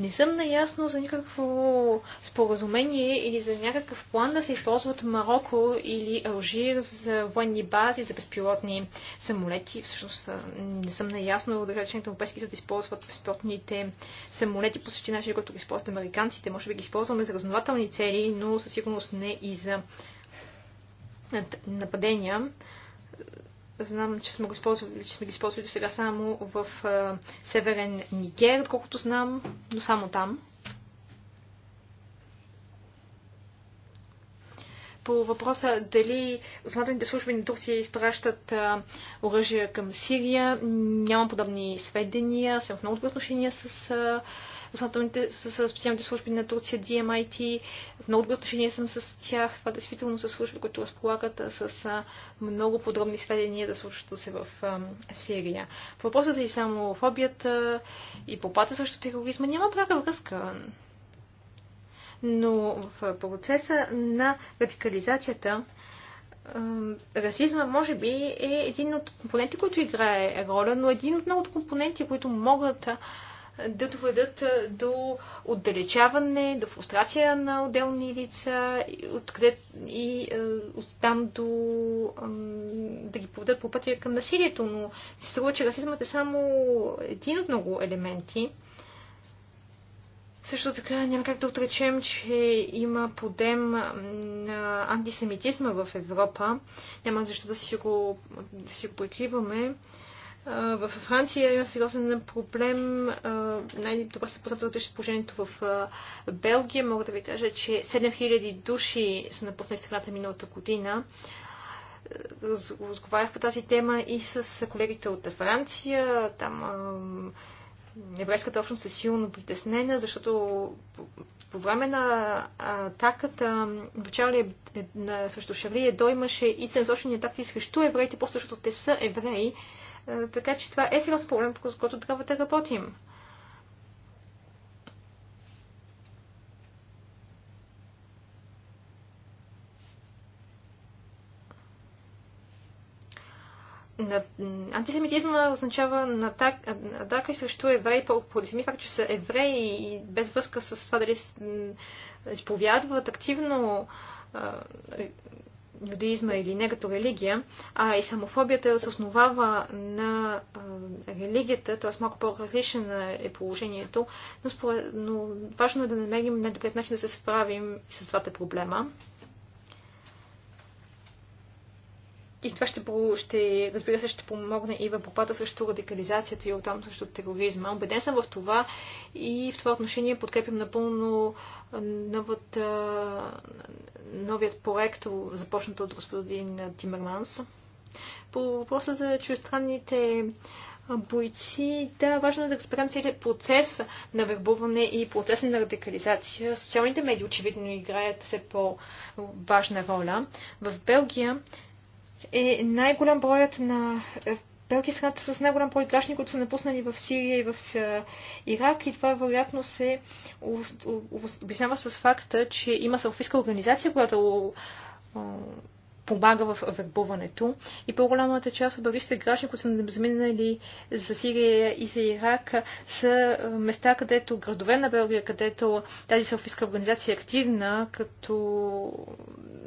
Не съм наясно за никакво споразумение или за някакъв план да се използват Марокко или Алжир за военни бази, за безпилотни самолети. Всъщност не съм наясно да речем Европейски съд да използват безпилотните самолети по същия начин, който ги използват американците. Може би ги използваме за разнователни цели, но със сигурност не и за нападения Знам, че сме, го използвали, че сме ги използвали до сега само в а, северен Нигер, колкото знам, но само там. По въпроса дали основателните служби на Турция изпращат а, оръжия към Сирия, нямам подобни сведения. Съм в много отношения с а, разузнавателните, с, с специалните служби на Турция, DMIT. В много добри отношения съм с тях. Това действително са служби, които разполагат с а, много подробни сведения за случващото се в а, Сирия. По въпроса за исламофобията и попата срещу тероризма няма пряка връзка. Но в процеса на радикализацията расизма може би е един от компоненти, който играе роля, но един от многото компоненти, които могат да доведат до отдалечаване, до фрустрация на отделни лица откъде, и оттам до да ги поведат по пътя към насилието. Но се струва, че расизмът е само един от много елементи. Също така няма как да отречем, че има подем на антисемитизма в Европа. Няма защо да си го, да си го прикриваме. В Франция има сериозен проблем. Най-добре се да беше положението в Белгия. Мога да ви кажа, че 7000 души са напуснали страната миналата година. Разговарях по тази тема и с колегите от Франция. Там еврейската общност е силно притеснена, защото по време на атаката в е, е, срещу Шарли Едо имаше и цензочни атаки срещу евреите, просто защото те са евреи. Е, така че това е сериозен проблем, с който трябва да работим. антисемитизма означава атака, срещу евреи, поради сами факт, че са евреи и без връзка с това дали изповядват активно будизма или не като религия, а исламофобията се основава на религията, т.е. малко по различен е положението, но, според, но важно е да намерим най-добрият начин да се справим с двата проблема. И това ще, ще, разбира се, ще помогне и в борбата срещу радикализацията и оттам срещу тероризма. Обеден съм в това и в това отношение подкрепям напълно новата, новият проект, започнат от господин Тимерманс. По въпроса за чуестранните бойци, да, важно е да разберем целият процес на вербуване и процес на радикализация. Социалните медии очевидно играят все по-важна роля. В Белгия е най-голям броят на е, Белки страната с най-голям брой граждани, които са напуснали в Сирия и в е, Ирак и това вероятно се обяснява с факта, че има салфистка организация, която помага в вербуването. И по-голямата част от българските граждани, които са заминали за Сирия и за Ирак, са места, където градове на Белгия, където тази селфийска организация е активна, като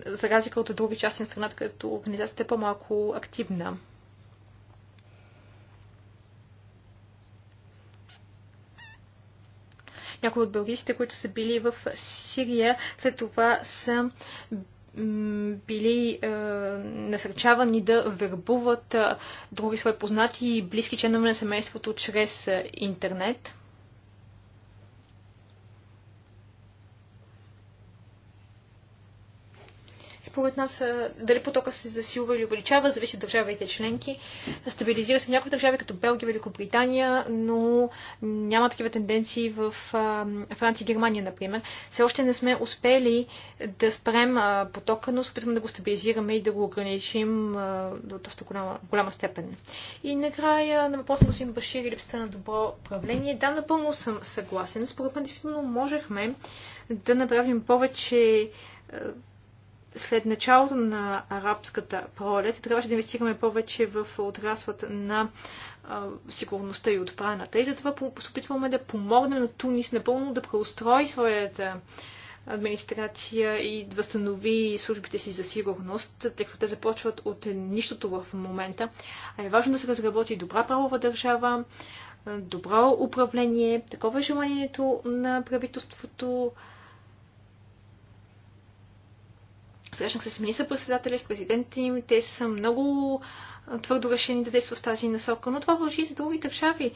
за разлика от други части на страната, където организацията е по-малко активна. някои от белгийците, които са били в Сирия, след това са били е, насърчавани да вербуват е, други свои познати и близки членове на семейството чрез е, интернет. според нас, дали потока се засилва или увеличава, зависи от държавите членки. Стабилизира се в някои държави, като Белгия, Великобритания, но няма такива тенденции в Франция и Германия, например. Все още не сме успели да спрем потока, но се опитваме да го стабилизираме и да го ограничим до доста голяма, голяма степен. И накрая на въпроса господин Башир липсата на добро управление. Да, напълно съм съгласен. Според мен, действително можехме да направим повече след началото на арабската пролет трябваше да инвестираме повече в отраслата на сигурността и отбраната. И затова се опитваме да помогнем на Тунис напълно да преустрои своята администрация и да възстанови службите си за сигурност, тъй като те започват от нищото в момента. А е важно да се разработи добра правова държава, добро управление. Такова е желанието на правителството Срещнах с министър-председателя, с президентите им. Те са много твърдо решени да действат в тази насока, но това вължи и за други държави.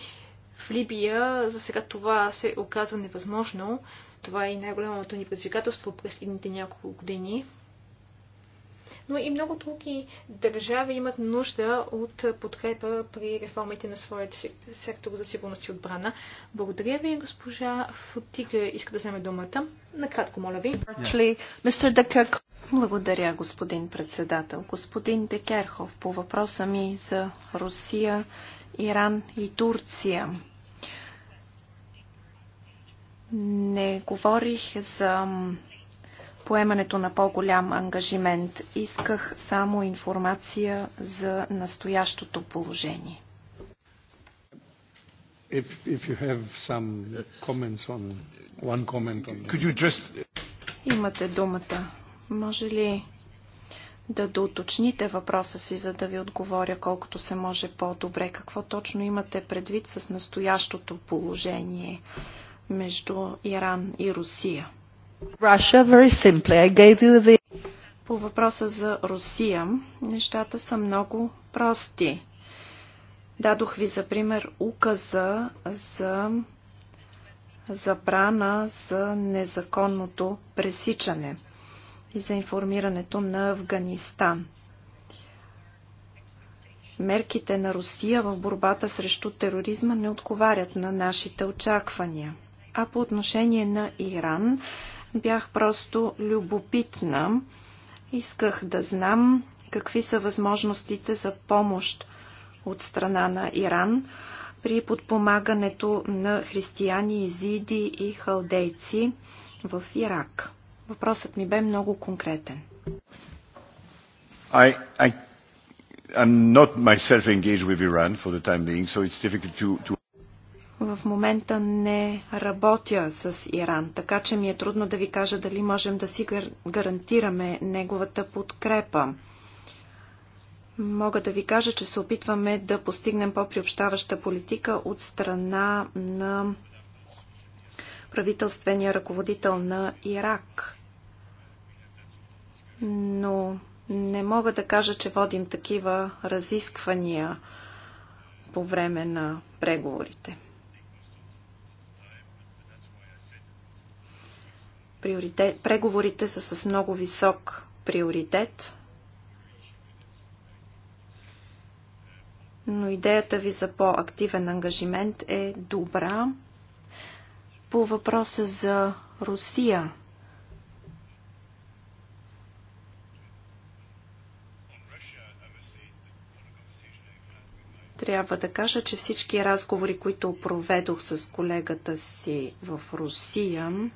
В Либия за сега това се оказва невъзможно. Това е и най-голямото ни предизвикателство през едните няколко години. Но и много други държави имат нужда от подкрепа при реформите на своят сектор за сигурност и отбрана. Благодаря ви, госпожа Футига. Иска да вземе думата. Накратко, моля ви. Yeah. Благодаря, господин председател. Господин Декерхов, по въпроса ми за Русия, Иран и Турция. Не говорих за поемането на по-голям ангажимент. Исках само информация за настоящото положение. If, if you have some comments on, one comment on... Could you just... Имате думата, може ли да доуточните въпроса си, за да ви отговоря колкото се може по-добре? Какво точно имате предвид с настоящото положение между Иран и Русия? Russia, very simply, I gave you the... По въпроса за Русия, нещата са много прости. Дадох ви за пример указа за забрана за незаконното пресичане и за информирането на Афганистан. Мерките на Русия в борбата срещу тероризма не отговарят на нашите очаквания. А по отношение на Иран бях просто любопитна. Исках да знам какви са възможностите за помощ от страна на Иран при подпомагането на християни, езиди и халдейци в Ирак. Въпросът ми бе много конкретен. I, I, I'm not myself engaged with Iran for the time being, so it's difficult to, to... В момента не работя с Иран, така че ми е трудно да ви кажа дали можем да си гарантираме неговата подкрепа. Мога да ви кажа, че се опитваме да постигнем по-приобщаваща политика от страна на правителствения ръководител на Ирак. Но не мога да кажа, че водим такива разисквания по време на преговорите. Приоритет, преговорите са с много висок приоритет, но идеята ви за по-активен ангажимент е добра. По въпроса за Русия. Трябва да кажа, че всички разговори, които проведох с колегата си в Русия,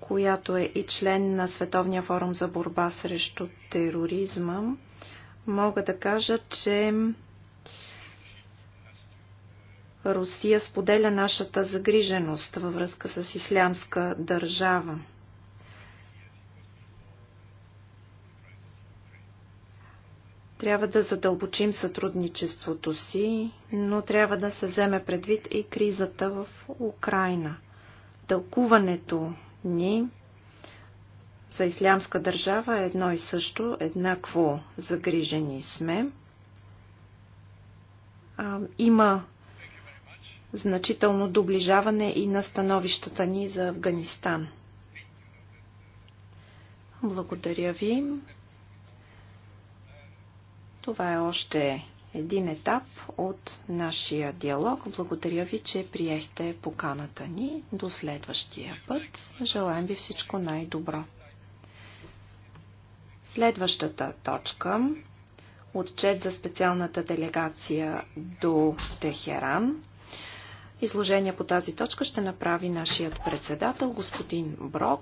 която е и член на Световния форум за борба срещу тероризма, мога да кажа, че Русия споделя нашата загриженост във връзка с ислямска държава. Трябва да задълбочим сътрудничеството си, но трябва да се вземе предвид и кризата в Украина. Тълкуването ни за ислямска държава е едно и също, еднакво загрижени сме. Има значително доближаване и на становищата ни за Афганистан. Благодаря ви. Това е още един етап от нашия диалог. Благодаря ви, че приехте поканата ни. До следващия път. Желаем ви всичко най-добро. Следващата точка. Отчет за специалната делегация до Техеран. Изложение по тази точка ще направи нашият председател, господин Брок.